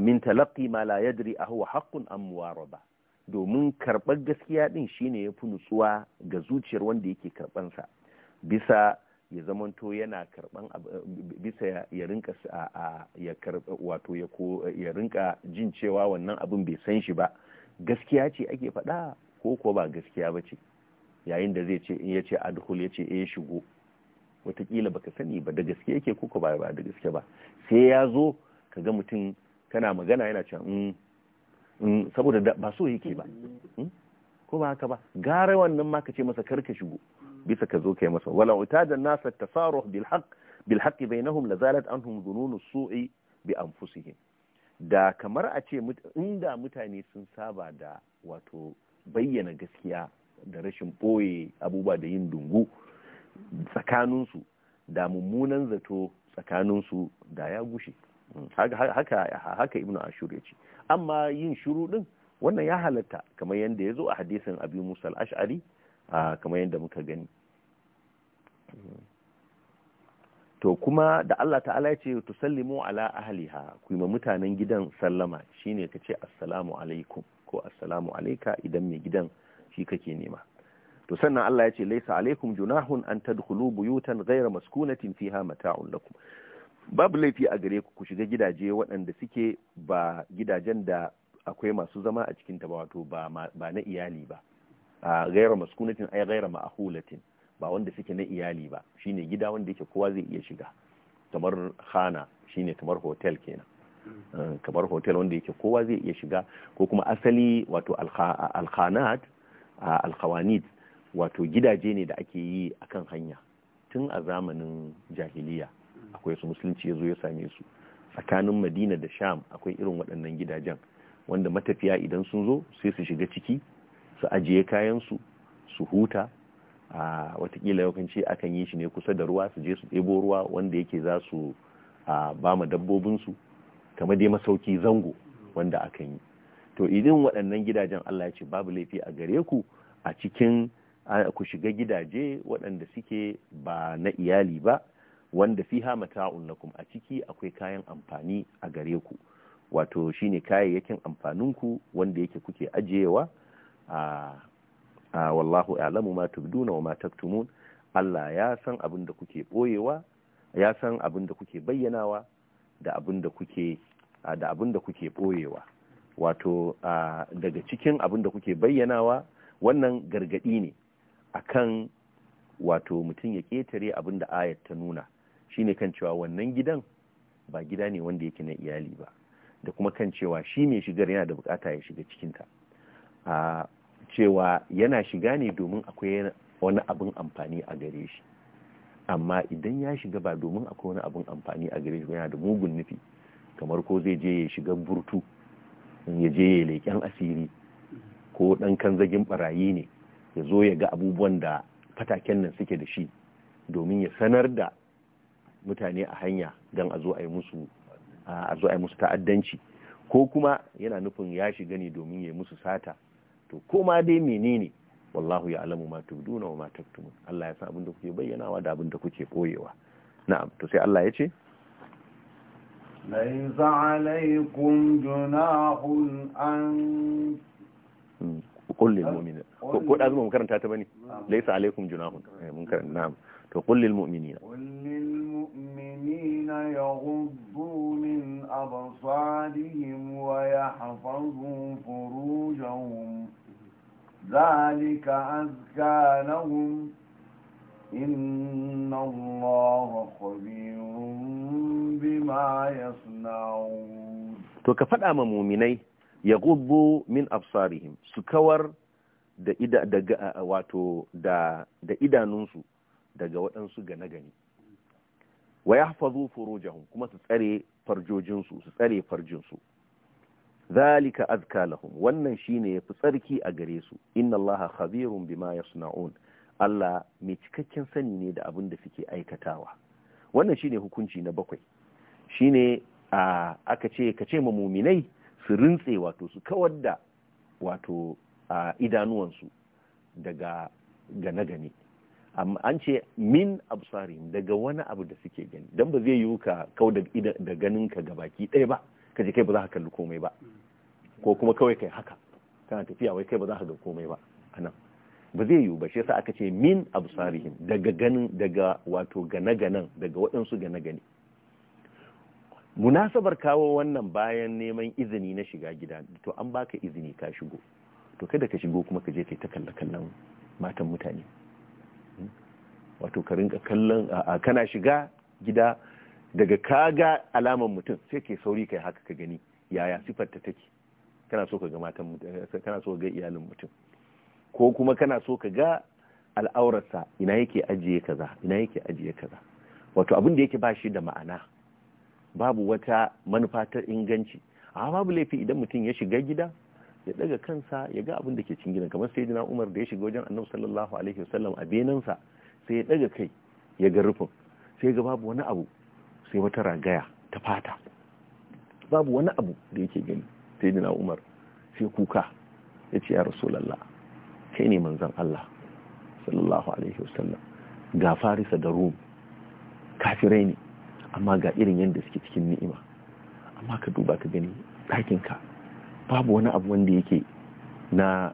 min talaqi ma la yadri a huwa haqqun am domin karɓar gaskiya din shine yafi nutsuwa ga zuciyar wanda yake karɓan sa bisa ya zamanto yana karɓan bisa ya rinka ya karɓa wato ya ko ya rinka jin cewa wannan abin bai san shi ba gaskiya ce ake faɗa ko ko ba gaskiya ba ce yayin da zai ce in ya ce adhul ya ce eh shigo watakila baka sani ba da gaske yake ko ba ba da gaske ba sai ya zo ka ga mutum kana magana yana cewa in mm, mm, saboda ba so yake ba hmm? ko ba haka ba gara wannan ma ka ce masa kar ka shigo bisa ka zo kai masa wala utada nasa tasaruh bil haqq bil haqq bainahum lazalat anhum dhunun as-su'i bi anfusihim da kamar a ce inda mutane sun saba da wato bayyana gaskiya da rashin ɓoye abubuwa da yin dungu tsakaninsu da mummunan zato tsakaninsu da ya gushe mm, haka ibn ashur ya ce amma yin shuru din wannan ya halatta kamar yadda ya zo a hadisin abi musa al-ash'ari kamar yadda muka gani mm. to kuma da Allah ta'ala ya ce tu sallimo ala ahliha ku ma mutanen gidan sallama shine kace assalamu alaikum ko assalamu alayka idan mai gidan shi kake nema to sannan Allah ya ce laisa alaikum junahun an tadkhulu buyutan ghayra maskunatin fiha mata'un lakum babu laifi a gare ku ku shiga gidaje waɗanda suke ba gidajen da akwai masu zama a cikin ta ba wato ba na iyali ba a ghayra maskunatin ay ghayra ma'hulatin ba wanda suke na iyali ba shine gida wanda yake kowa zai iya shiga kamar khana shine kamar hotel kenan eh, kamar hotel wanda yake kowa zai iya shiga ko kuma asali wato alkhanat alkhawanid wato gidaje ne da ake yi a kan hanya tun a zamanin jahiliya akwai su musulunci ya zo ya same su tsakanin madina da sham akwai irin waɗannan gidajen wanda matafiya idan sun zo sai su shiga ciki su ajiye kayansu su huta a watakila yawanci akan yi shi ne kusa da ruwa su je su ɗebo ruwa wanda yake za su ba ma dabbobinsu kamar dai masauki zango wanda akan yi to idan waɗannan gidajen allah ya ce babu laifi a gare ku a cikin ku shiga gidaje waɗanda suke ba na iyali ba wanda fi ha mata'un lakum a ciki akwai kayan amfani a gare ku wato shine kayayyakin amfaninku wanda yake kuke ajiyewa a wallahu a'lamu ma tubduna wa ma taktumun Allah ya san abin da kuke boyewa ya san abin da kuke bayyanawa da abin da kuke da wato daga cikin abin da kuke bayyanawa wannan gargadi ne akan wato mutum ya ƙetare abin da ayat ta nuna shine kan cewa wannan gidan ba gida ne wanda yake na iyali ba da kuma kan cewa shi mai shigar yana da bukata ya shiga cikinta a cewa yana shiga ne domin akwai wani abin amfani a gare shi amma idan ya shiga ba domin akwai wani abin amfani a gare shi yana da mugun nufi kamar ko zai je ya shiga burtu ya je ya leƙen asiri ko ɗan kan zagin barayi ne ya zo ya ga abubuwan da fataken nan suke da shi domin ya sanar da mutane a hanya don a zo a yi musu ta'addanci ko kuma yana nufin ya shiga ne domin ya yi musu sata to ma dai menene wallahu ya alamu ma tubduna wa ma taktumun Allah ya san abin da kuke bayyanawa da abin da kuke koyewa na'am to sai Allah ya ce laysa alaykum junahun an hmm. qul lil mu'minina ko da zuma makaranta ta bane laysa alaikum junahun mun karanta na'am to qul lil mu'minina qul lil mu'minina yaghuddu min absarihim wa yahfazu furujahum zalika أزكى لهم إن الله خبير بما يصنعون to ka fada ma muminai ya gubbo min afsarihim su kawar da wato da idanunsu daga waɗansu gane gani wa ya fazo kuma su tsare farjojinsu su tsare farjinsu zalika azka lahum wannan shine yafi tsarki a gare su inna allaha khabirun bima yasna'un Allah mai cikakken sani ne da abin da suke aikatawa wannan shine hukunci na bakwai shine aka ce ka ce ma muminai su rintse wato su kawar da wato idanuwansu daga gane-gane an ce min absarim daga wani abu da suke gani don ba zai yiwu ka kau da ganin ka ga baki ɗaya ba ka je kai ba za ka kalli komai ba ko kuma kawai kai haka kana tafiya wai kai ba za ka ga komai ba anan ba zai yiwu ba shi yasa aka ce min absarihim daga ganin daga wato gane-ganen daga waɗansu gane-gane munasabar kawo wannan bayan neman izini na shiga gida to an baka izini ka shigo to kada ka shigo kuma ka je kai ta kalla kallon matan mutane hmm? wato ka rinka kallon kana shiga gida daga kaga alaman mutum sai ke sauri kai haka ka gani yaya sifar ta take kana so ka ga matan eh, kana so ka ga iyalin mutum ko kuma kana so ka ga al'aurarsa ina yake ajiye kaza ina yake ajiye kaza wato abin da yake ba shi da ma'ana babu wata manufa ta inganci a babu laifi idan mutum ya shiga gida ya daga kansa ya ga abin da ke cin gida. kamar sai jina umar da ya shiga wajen annabi sallallahu alaihi wasallam a benansa sai ya daga kai ya ga rufin sai ga babu wani abu sai wata ragaya ta fata babu wani abu da yake gani sai jina umar sai kuka ya ce ya rasulallah kai ne manzan allah sallallahu alaihi wasallam ga farisa da rum kafirai ne amma ga irin yadda suke cikin ni'ima amma ka duba ka gani ɗakinka babu wani abu wanda yake na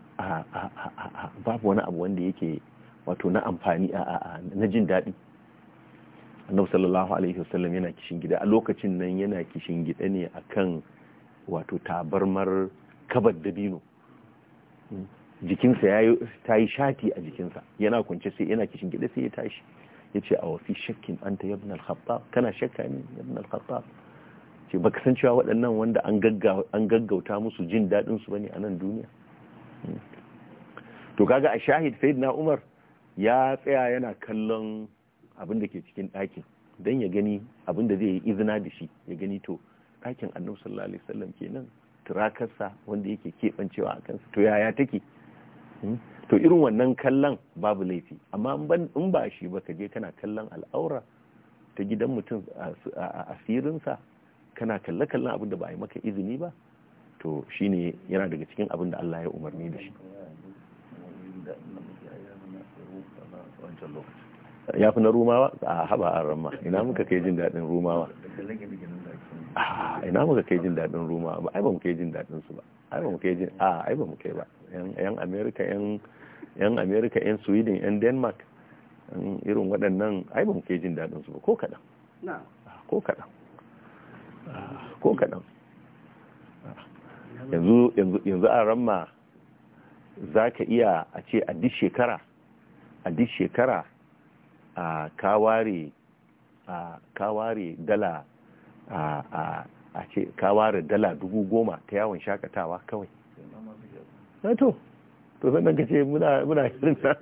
babu wani abu wanda yake wato na amfani na jin daɗi annabi sallallahu alaihi wasallam yana kishin gida a lokacin nan yana kishin gida ne akan wato tabarmar kabar dabino hmm. jikinsa ya yi shati a jikinsa yana kwance sai yana kishin gida sai ya tashi yace a fi shakkin an ta yabnal khattab kana shakka ne yabnal khattab ce baka san cewa waɗannan wanda an gaggauta musu jin daɗin su bane a nan duniya hmm. to kaga a shahid sayyidina umar ya tsaya yana kallon abin da ke cikin ɗakin don ya gani abin da zai yi izina da shi ya gani to ɗakin annabi sallallahu alaihi wasallam kenan turakarsa wanda yake keɓancewa a kansa to yaya take hmm. to irin wannan kallon babu laifi amma in ba shi ba ka je kana kallon al'aura ta gidan mutum a asirinsa kana kalle kallon abin da ba a yi maka izini ba to shine yana daga cikin abin da Allah ya umarni da shi ya fi na rumawa a haba a ramma ina muka kai jin daɗin rumawa ah, ina muka kai jin daɗin rumawa ba ai ba mu kai jin daɗin ah, su ba ai ba mu kai jin a ai ba mu kai ba yan america yan amerika yan sweden yan denmark irin waɗannan ai ke muke jin daɗin su ba ko kaɗan ah, ko kaɗan ah, ko kaɗan ah, yanzu a ramma za ka iya a ce a duk shekara a duk shekara a kaware a kaware dala a ce kaware dala dubu goma ta yawon shakatawa kawai Eh, to to sannan ka ce muna ta.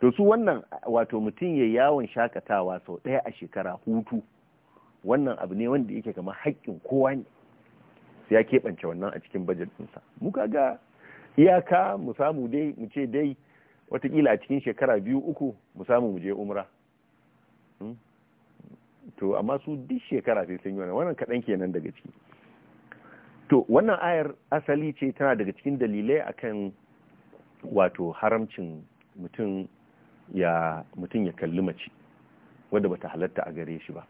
to su wannan wato mutum ya yawon shakatawa sau ɗaya a shekara hutu wannan abu ne wanda yake kama haƙƙin kowa ne sai ya keɓance wannan a cikin bajet ɗinsa mu ga iyaka mu samu dai mu ce dai watakila a cikin shekara biyu uku mu samu mu je umra hmm? to amma su duk shekara sai sun yi wannan wannan kaɗan kenan daga ciki to wannan ayar asali ce tana daga cikin dalilai akan wato haramcin mutum ya kalli mace wadda bata halatta a gare shi ba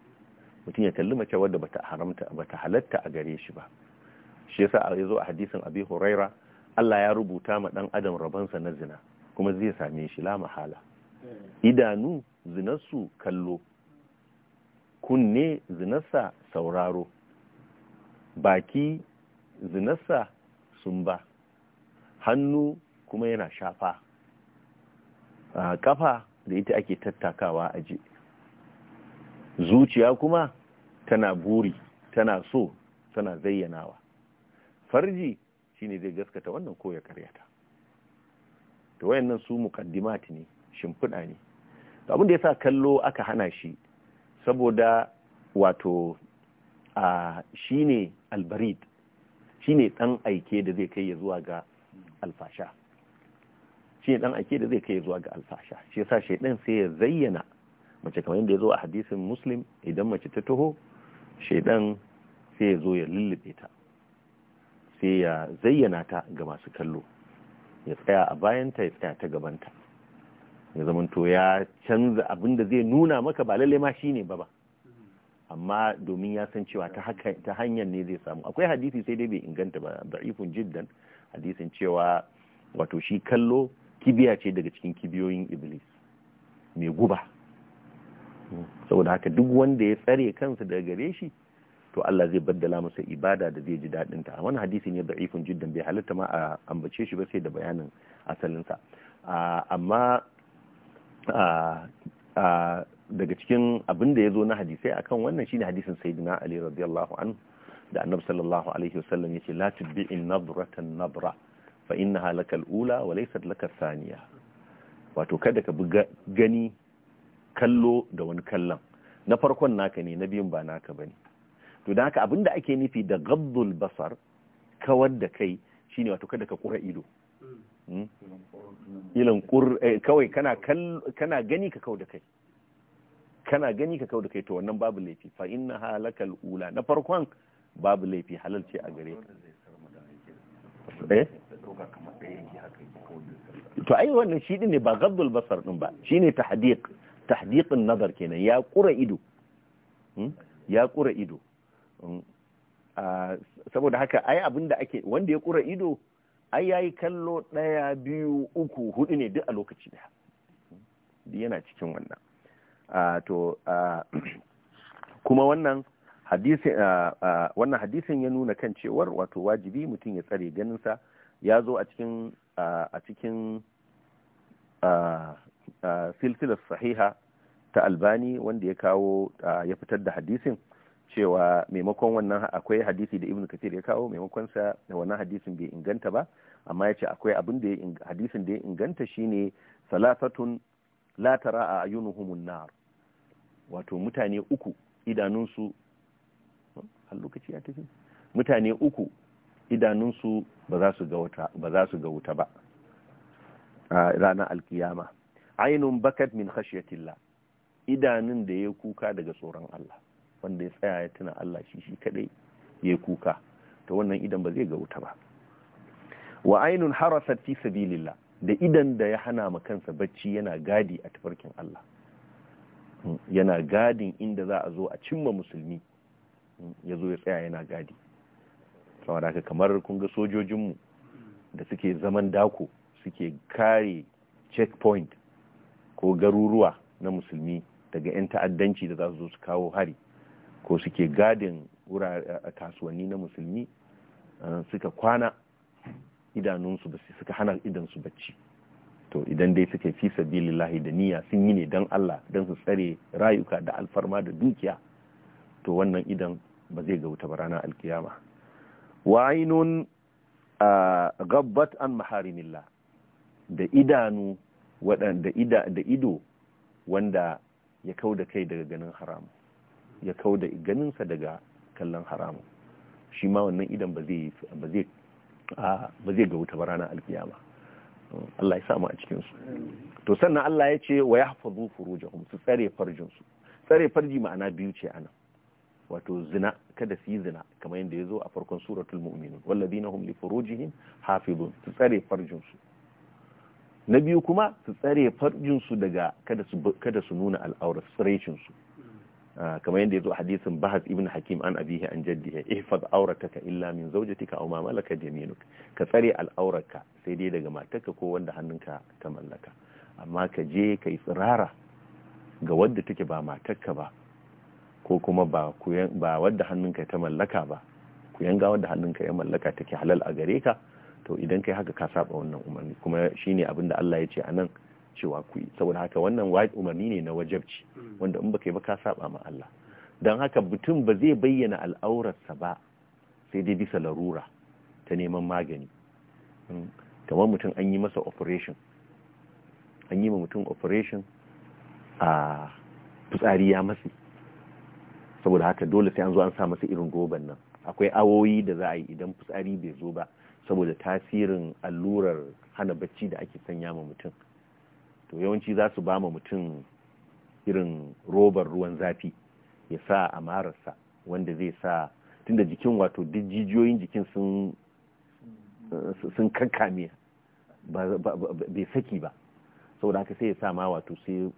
mutum ya kalli mace wadda bata haramta halatta a gare shi ba shi yasa a yazo a hadisin Abi Huraira Allah ya rubuta ma dan adam rabansa na zina kuma zai same shi la mahala idanu zinarsu kallo kunne zinarsa sauraro baki zinarsa sun ba hannu kuma yana shafa a kafa da ita ake tattakawa a je zuciya kuma tana buri tana so tana zayyanawa farji shine zai gaskata wannan ko ya karyata to wayannan su muqaddimat ne shimfiɗa ne abin da sa kallo aka hana shi saboda wato a shine albarid shine dan aike da zai kai ya zuwa ga alfasha shine dan aike da zai kai ya zuwa ga alfasha shi yasa shaydan sai ya zayyana mace kamar yadda ya zo a hadisin muslim idan mace ta taho shaidan sai ya zo ya lullube ta sai ya zayyana ta ga masu kallo ya tsaya a bayanta ya tsaya ta gabanta ya zamanto ya canza abin da zai nuna maka ba lalle ma shine ba ba amma domin ya san cewa ta hanyar ne zai samu akwai hadisi sai dai bai inganta ba daifin jiddan hadisin cewa wato shi kallo kibiya ce daga cikin kibiyoyin iblis mai guba saboda haka duk wanda ya tsare kansa daga gare shi to Allah zai baddala masa ibada da zai ji daɗin ta wani hadisi ne daifin jiddan bai halatta ma a ambace shi ba sai da bayanin asalinsa ah, amma ah, ah, daga cikin abin da ya zo na hadisai akan wannan shine hadisin sayyidina ali radiyallahu anhu da annabi sallallahu alaihi wasallam yace la tubbi'in nadratan nabra fa innaha lakal ula wa laysat laka thaniya wato kada ka gani kallo da wani kallon na farkon naka ne na biyun ba naka ba ne. to da haka abinda ake nufi da gabdul basar kawar da kai shine wato kada ka kura ido hmm? ilan eh, kawai kana gani ka kawar da kai kana gani ka kawo da kai to wannan babu laifi fa inna halakal ula na farkon babu laifi halal ce a gare eh? to ai wannan shi ne ba gaddul basar din ba shine tahdiq tahdiqin nazar kenan ya kura ido hmm? ya kura ido hmm? saboda haka ai abinda ake wanda ya kura ido ai yayi kallo daya biyu uku hudu ne duk a lokaci daya hmm? yana cikin wannan to kuma wannan hadisin wannan hadisin ya nuna kan cewar wato wajibi mutum ya tsare ganinsa ya zo a cikin a cikin silsilar sahiha ta albani wanda ya kawo ya fitar da hadisin cewa maimakon wannan akwai hadisi da ibnu kathir ya kawo maimakon sa wannan hadisin bai inganta ba amma ya ce akwai abin da hadisin da ya inganta shine salatatun la tara a ayunuhumun nar wato mutane uku idanunsu ya tafi mutane uku idanunsu ba za su ga wuta ba a ranar alkiyama ainihin bakat min khashiyatillah idanun da ya kuka daga tsoron Allah wanda ya tsaya ya tuna Allah shi shi kadai ya kuka ta wannan idan ba zai ga wuta ba wa ainihin harasar fi sabilillah da idan da ya hana ma kansa bacci yana gadi a tafarkin Allah yana gadin inda za a zo a cimma musulmi ya zo ya tsaya yana gadi saboda haka kamar kun ga sojojinmu da suke zaman dako suke kare checkpoint ko garuruwa na musulmi daga 'yan ta'addanci da za su zo su kawo hari ko suke gadin kasuwanni na musulmi suka kwana idanunsu suka hana idansu bacci to idan dai suka fi sabilillahi da niyya sun yi ne don Allah don su tsare rayuka da alfarma da dukiya to wannan idan ba zai ga wuta ba ranar alkiyama wa ainun gabbat an maharimillah da idanu waɗanda da ido wanda ya kau da kai daga ganin haram ya kau da ganinsa daga kallon haramun shi ma wannan idan ba zai ga wuta ba ranar alkiyama Allah ya samu a cikin su to sannan Allah ya ce wa yahfazu furujahum su tsare farjin tsare farji ma'ana biyu ce anan wato zina kada su yi zina kamar yadda ya zo a farkon suratul mu'minun walladina hum li furujihim hafizun su tsare farjin su na biyu kuma su tsare farjinsu daga kada su nuna al'aurar tsiraicin kamar yadda ya zo hadisin bahas ibn hakim an abihi an jaddihi ihfaz aurataka illa min zawjatika aw ma malakat yaminuk ka tsare al'aurarka sai dai daga matarka ko wanda hannunka ta mallaka amma ka je kai tsirara ga wadda take ba matarka ba ko kuma ba ba wadda hannunka ta mallaka ba ku yanga wadda hannunka ya mallaka take halal a gare ka to idan kai haka ka saba wannan umarni kuma shine abin da Allah ya ce anan cewa ku yi saboda haka wannan umarni ne na wajabci wanda in baka yi ba ka saba ma Allah don haka mutum ba zai bayyana al'aurarsa ba sai dai bisa larura ta neman magani hmm, kamar mutum an yi masa operation an yi ma mutum operation a fitsari ya matsi saboda haka dole sai an zo an sa masa irin goban nan akwai awoyi da za a yi idan fitsari bai zo ba saboda tasirin allurar hana bacci da ake sanya ma mutum to yawanci za su ba mu mutum irin robar ruwan zafi ya sa a mararsa wanda zai sa tunda jikin wato duk jijiyoyin jikin sun kankame bai saki ba saboda haka sai ya sa ma wato sai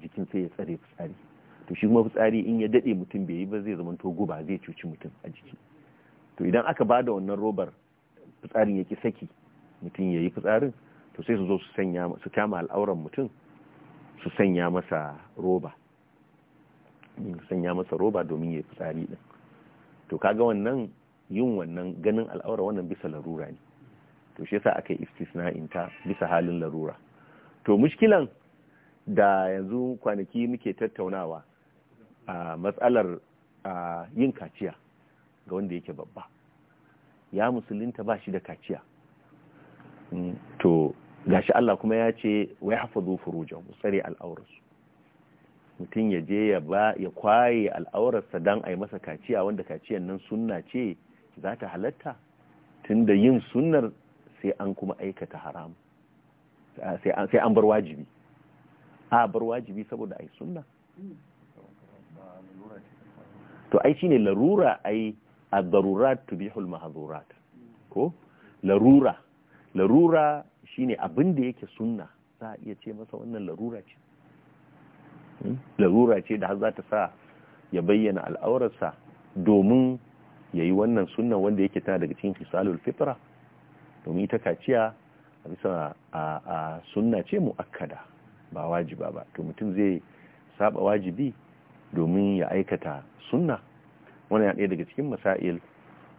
jikin sai ya tsare fitsari to shi kuma fitsari in ya dade mutum bai yi ba zai zama togo guba zai cuci mutum a jiki to idan aka ba da wannan robar fitsarin ya ki saki mutum ya yi fitsarin to sai su zo su sanya su kama al'auran mutum su sanya masa roba su sanya masa roba domin ya fitsari ɗin to kaga wannan yin wannan ganin al'aura wannan bisa larura ne to shi yasa aka istisna'inta bisa halin larura to mushkilan da yanzu kwanaki muke tattaunawa a matsalar yin kaciya ga wanda yake babba ya musulunta ba shi da kaciya mm, to gashi Allah kuma ya ce wai hafazu furujan tsare al'aurarsu mutum ya je ya ba ya kwaye al'aurarsa dan a yi masa kaciya wanda kaciyan nan sunna ce za ta halatta tunda yin sunnar sai an kuma aikata haram sai an bar wajibi a bar wajibi saboda yi sunna to ai shine larura ai a darurat tubihul mahazurat ko larura larura shine abin da yake sunna za a iya ce masa wannan larura ce hmm? larura ce da za ta sa ya bayyana al'aurarsa domin ya yi wannan sunna wanda yake tana daga cikin fisalul fitra domin ita kaciya a bisa a sunna ce mu akada ba wajiba ba to mutum zai saba wajibi domin ya aikata sunna wannan ya ɗaya daga cikin masail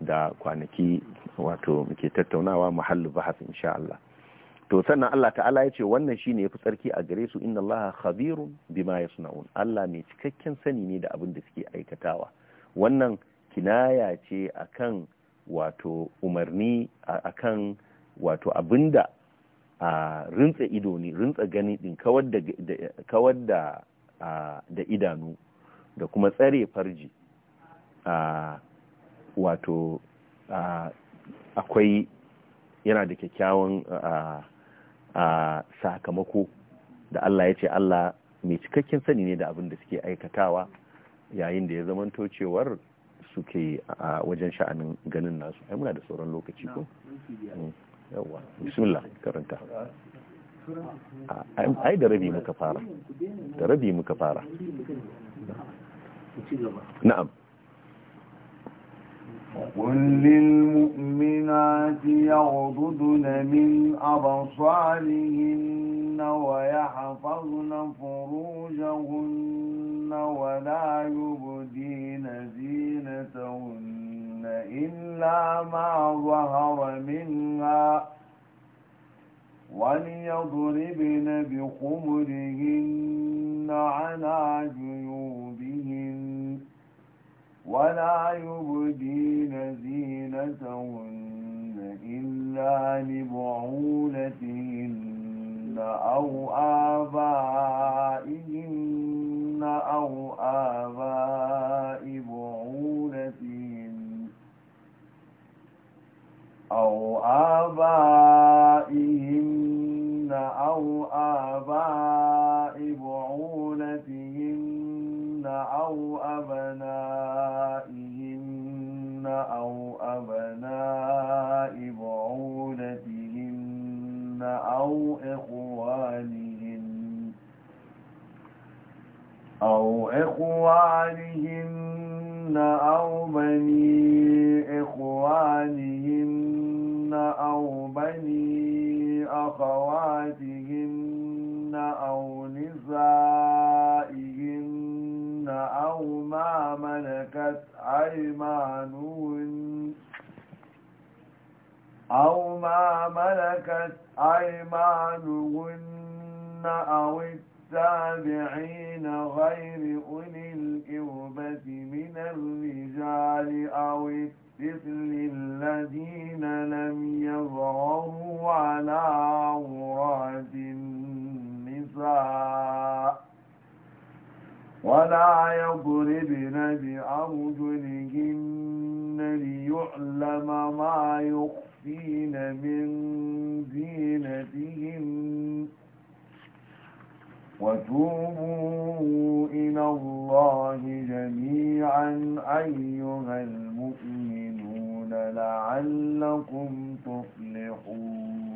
da kwanaki wato muke tattaunawa mahallu bahas insha Allah to sannan Allah ta'ala ya ce wannan ya fi tsarki a gare su inna Allah khabirun bima yasnaun Allah mai cikakken sani ne da abin da suke aikatawa wannan kinaya ce akan wato umarni akan wato abinda a rintsa ido ne rintsa gani din kawar da kawar da da idanu da kuma tsare farji a wato akwai yana da kyakkyawan a sakamako da Allah ya ce Allah mai cikakken sani ne da abin da suke aikatawa yayin da ya zama cewar suke a wajen sha'anin ganin nasu ai muna da sauran lokaci ko yawa bismillah karanta ai da rabi muka fara da rabi muka fara na'am قل للمؤمنات يغضضن من أبصارهن ويحفظن فروجهن ولا يبدين زينتهن إلا ما ظهر منها وليضربن بخمرهن على جيوبهن ولا يبدين زينتهن إلا لبعولتهن أو آبائهن أو آباء بعولتهن أو آبائهن أو آبائهن أو أبنائهن أو أبناء بعولتهن أو إخوانهن أو إخوانهن أو بني إخوانهن أو بني أخواتهن أو نسائهن تَرَوْنَ أَوْ مَا مَلَكَتْ أيمانهن أَوْ مَا مَلَكَتْ أيمانهن أَوِ التَّابِعِينَ غَيْرِ أُولِي الْإِرْبَةِ مِنَ الرِّجَالِ أَوِ الطفل الذين لم يظهروا على عورات النساء ولا يضربن بأرجلهن ليعلم ما يخفين من زينتهن وتوبوا إلى الله جميعا أيها المؤمنون لعلكم تفلحون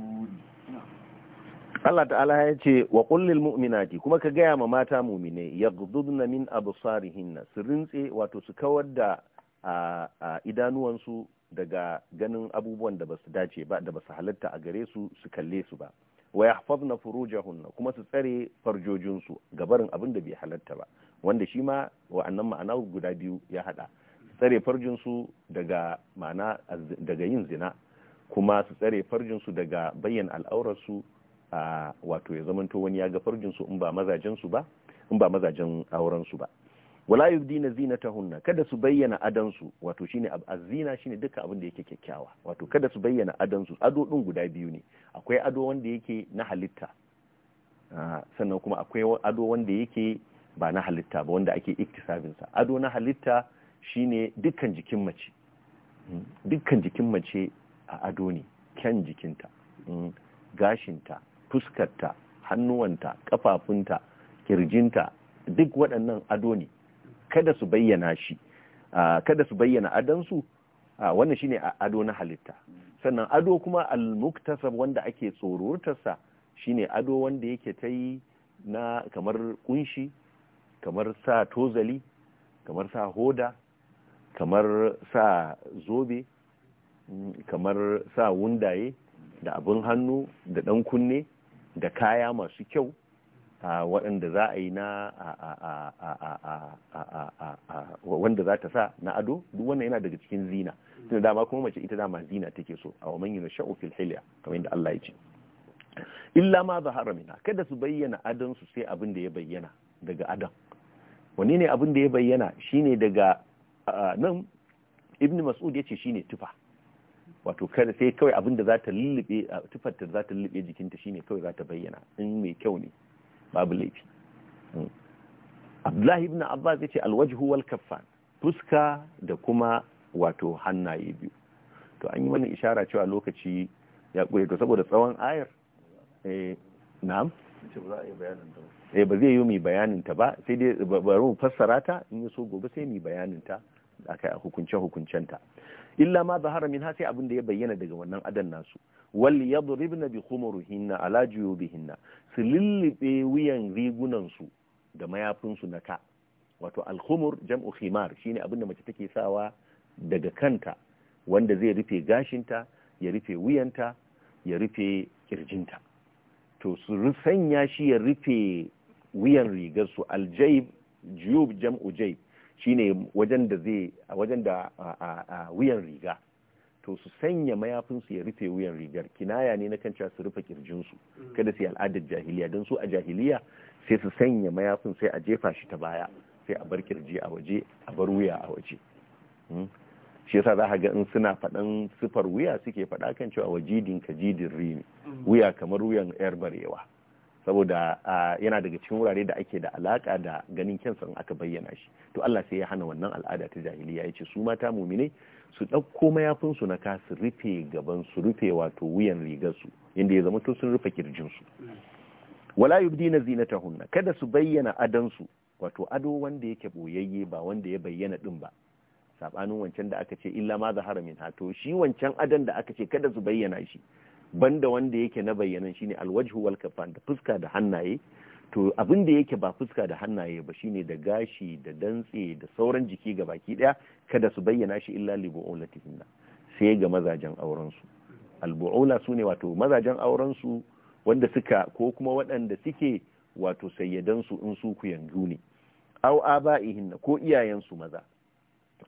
Allah ta'ala ya ce wa kullil mu'minati kuma ka gaya ma mata mumine yaghdudna min absarihinna su rintse wato su kawar da idanuwansu daga ganin abubuwan da basu dace ba da basu halatta a gare su su kalle su ba wa yahfazna furujahunna kuma su tsare farjojinsu ga abin da bai halatta ba wanda shi ma wa'annan ma'ana guda biyu ya hada tsare farjinsu daga ma'ana daga yin zina kuma su tsare farjinsu daga bayyana al'aurarsu wato ya zamanto wani ya ga farjin su in ba mazajensu su ba in ba mazajen auren su ba wala yubdina zinatahunna kada su bayyana adan wato shine azina shine duka abin da yake kyakkyawa wato kada su bayyana adan ado din guda biyu ne akwai ado wanda yake na halitta sannan kuma akwai ado wanda yake ba na halitta ba wanda ake iktisabin sa ado na halitta shine dukkan jikin mace hmm, dukkan jikin mace a ado ne kyan jikinta hmm, gashinta fuskarta hannuwanta kafafunta kirjinta duk waɗannan ado ne kada su bayyana shi kada su bayyana adansu wannan shine ado na halitta sannan ado kuma al wanda ake tsorotarsa shine ado wanda yake ta yi na kamar kunshi kamar sa tozali kamar sa hoda kamar sa zobe mm, kamar sa wundaye da abin hannu da ɗan kunne da kaya masu kyau waɗanda za a yi na wanda za ta sa na ado duk wannan yana daga cikin zina tunda dama kuma mace ita dama zina take so a wa manyan sha'u fil hilya kamar yadda Allah ya ce illa ma zahara kada su bayyana adon su sai abin da ya bayyana daga adon wani ne abin da ya bayyana shine daga nan ibn mas'ud ya ce shine tufa wato kada sai kawai abin da za ta lullube tufarta za ta lullube jikinta shine kawai za ta bayyana in mai kyau ne babu laifi hmm. abdullahi ibn abbas yace alwajhu wal kaffan fuska da kuma wato hannaye biyu to an yi mana ishara cewa lokaci ya kure to saboda tsawon ayar eh na'am eh, ba zai yi mai bayanin ta ba sai dai bari mu fassara ta in so gobe sai mai bayanin ta aka hukunce hukuncenta illa ma zahara min sai abin da ya bayyana daga wannan adan nasu wal yadribna bi khumurihinna ala juyubihinna su lillibe wuyan rigunan su da mayafin su na ka wato al khumur jam'u khimar shine abinda da mace take sawa daga kanta wanda zai rufe gashinta ya rufe wuyanta ya rufe kirjinta to su sanya shi ya rufe wuyan rigar su aljaib juyub jam'u jayb shine wajen da zai wajen da wuyan riga to su sanya mayafin su ya rufe wuyan rigar kinaya ne na kanta su rufe kirjin su mm. kada su yi al'adar jahiliya don su a jahiliya sai su sanya mayafin sai a jefa shi ta baya sai a bar kirji a waje a bar wuya a waje hmm? shi yasa za ka ga in suna faɗan sifar wuya suke faɗa kan cewa wajidin ka jidin rini, mm. wuya kamar wuyan yar barewa saboda yana daga cikin wurare da ake da alaka da ganin kyansa in aka bayyana shi to Allah sai ya hana wannan al'ada ta jahiliya ya ce su mata mumine su ɗauko mayafin su na ka su rufe gaban su rufe wato wuyan rigar su inda ya zama to sun rufe kirjin su wala yubdina zinatahunna kada su bayyana adon su wato ado wanda yake boyayye ba wanda ya bayyana din ba sabanin wancan da aka ce illa ma zahara min hato shi wancan adon da aka ce kada su bayyana shi banda wanda yake na bayyana shine alwajhu wal kafan da fuska da hannaye to abin da yake ba fuska da hannaye ba shine da gashi da dantse da sauran jiki ga baki daya kada su bayyana shi illa li bu'ulatihinna sai ga mazajen auren su albu'ula sune wato mazajen auren su wanda suka ko kuma waɗanda suke wato sayyadan su in su yanzu ne aw aba'ihinna ko iyayen su maza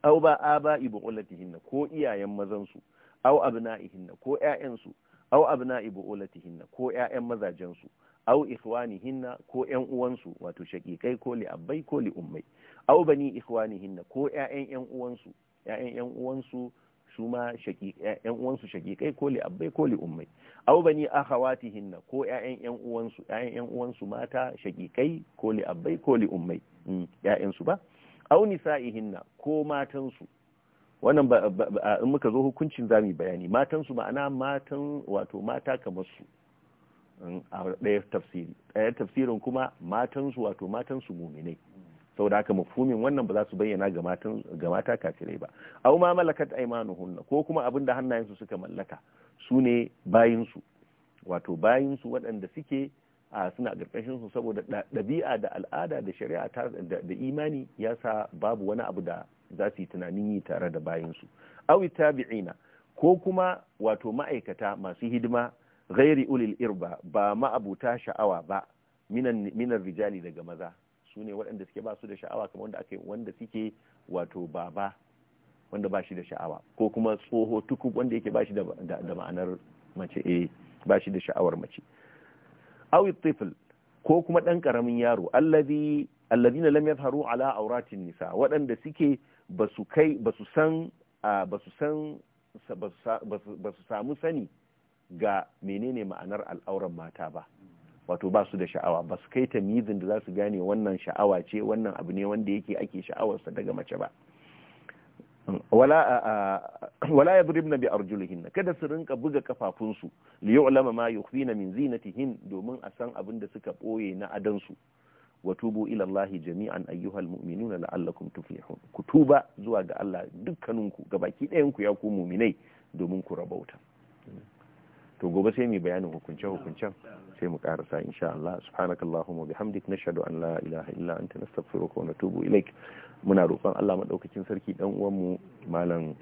aw ba aba'i bu'ulatihinna ko iyayen mazan su aw abna'ihinna ko ƴaƴan su aw abna'i bu'ulatihinna ko ƴaƴan mazajensu aw ikhwanihinna ko ƴan uwansu wato shaqiqai ko li abbai ko li ummai aw bani ikhwanihinna ko ƴaƴan ƴan uwansu ƴaƴan ƴan uwansu su ma ƴan uwansu shaqiqai ko li abbai ko li ummai aw bani akhawatihinna ko ƴaƴan ƴan uwansu ƴaƴan ƴan uwansu mata shaqiqai ko li abbai ko li ummai hmm, ƴaƴan su ba aw nisa'ihinna ko matansu wannan ba in muka zo hukuncin zami bayani matan su ma'ana matan wato mata kamar su a ɗaya tafsiri ɗaya tafsirin kuma matan su wato matan su muminai saboda haka mafhumin wannan ba za su bayyana ga matan ga mata kafirai ba aw ma malakat aymanuhun ko kuma abin da su suka mallaka su ne bayin su wato bayin su waɗanda suke a suna ƙarƙashin su saboda ɗabi'a da al'ada da shari'a da imani ya sa babu wani abu da za su yi tunanin yi tare da bayansu awi tabi'ina ko kuma wato ma'aikata masu hidima ghairi ulil irba ba ma'abuta sha'awa ba minan rijali daga maza su ne waɗanda suke ba su da sha'awa kamar wanda ake wanda suke wato baba wanda ba shi da sha'awa ko kuma tsoho tukub wanda yake ba shi da ma'anar mace eh ba shi da sha'awar mace awi tifl ko kuma ɗan ƙaramin yaro allazi allazina lam yadhharu ala auratin nisa waɗanda suke ba su kai ba san ba samu sani ga menene ma'anar al'auran mata ba wato ba su da sha'awa ba su kai mizin da za su gane wannan sha'awa ce wannan abu ne wanda yake ake sha'awarsa daga mace ba wala ya na bi arjulihin kada su rinka buga kafafunsu li yu'lama ma yukhfina min zinatihin domin a san abin da suka boye na adansu wa tubu ila jami'an ayyuhal mu'minuna la'allakum tuflihun ku tuba zuwa ga Allah dukkaninku baki ɗayan ku ya ku mu'minai domin ku rabauta to gobe sai mu bayanin hukunce hukuncen sai mu karasa insha Allah subhanakallahumma bihamdik nashhadu an la ilaha illa anta nastaghfiruka wa natubu ilaik muna roƙon Allah madaukakin sarki dan uwan mu malam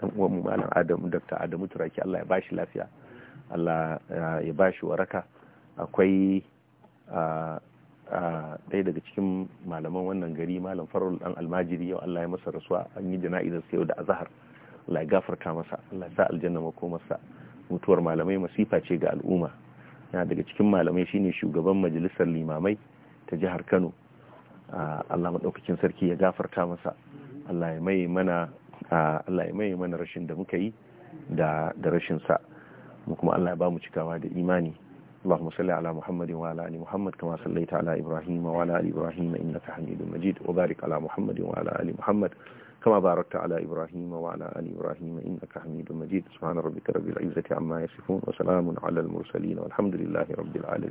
dan uwan mu malam Adam Dr. Adamu Turaki Allah ya bashi lafiya Allah ya bashi waraka akwai A ɗaya daga cikin malaman wannan gari malam farul dan almajiri yau Allah ya masa rasuwa an yi jana'izar sa yau da azahar Allah ya gafarta masa Allah ya sa aljanna masa mutuwar malamai masifa ce ga al'umma yana daga cikin malamai shine shugaban majalisar limamai ta jihar Kano Allah madaukakin sarki ya gafarta masa Allah ya mai mana rashin da muka yi da da rashin sa kuma Allah ya ba mu cikawa da imani اللهم صل على محمد وعلى ال محمد كما صليت على ابراهيم وعلى ال ابراهيم انك حميد مجيد وبارك على محمد وعلى ال محمد كما باركت على ابراهيم وعلى ال ابراهيم انك حميد مجيد سبحان ربك رب العزه عما يصفون وسلام على المرسلين والحمد لله رب العالمين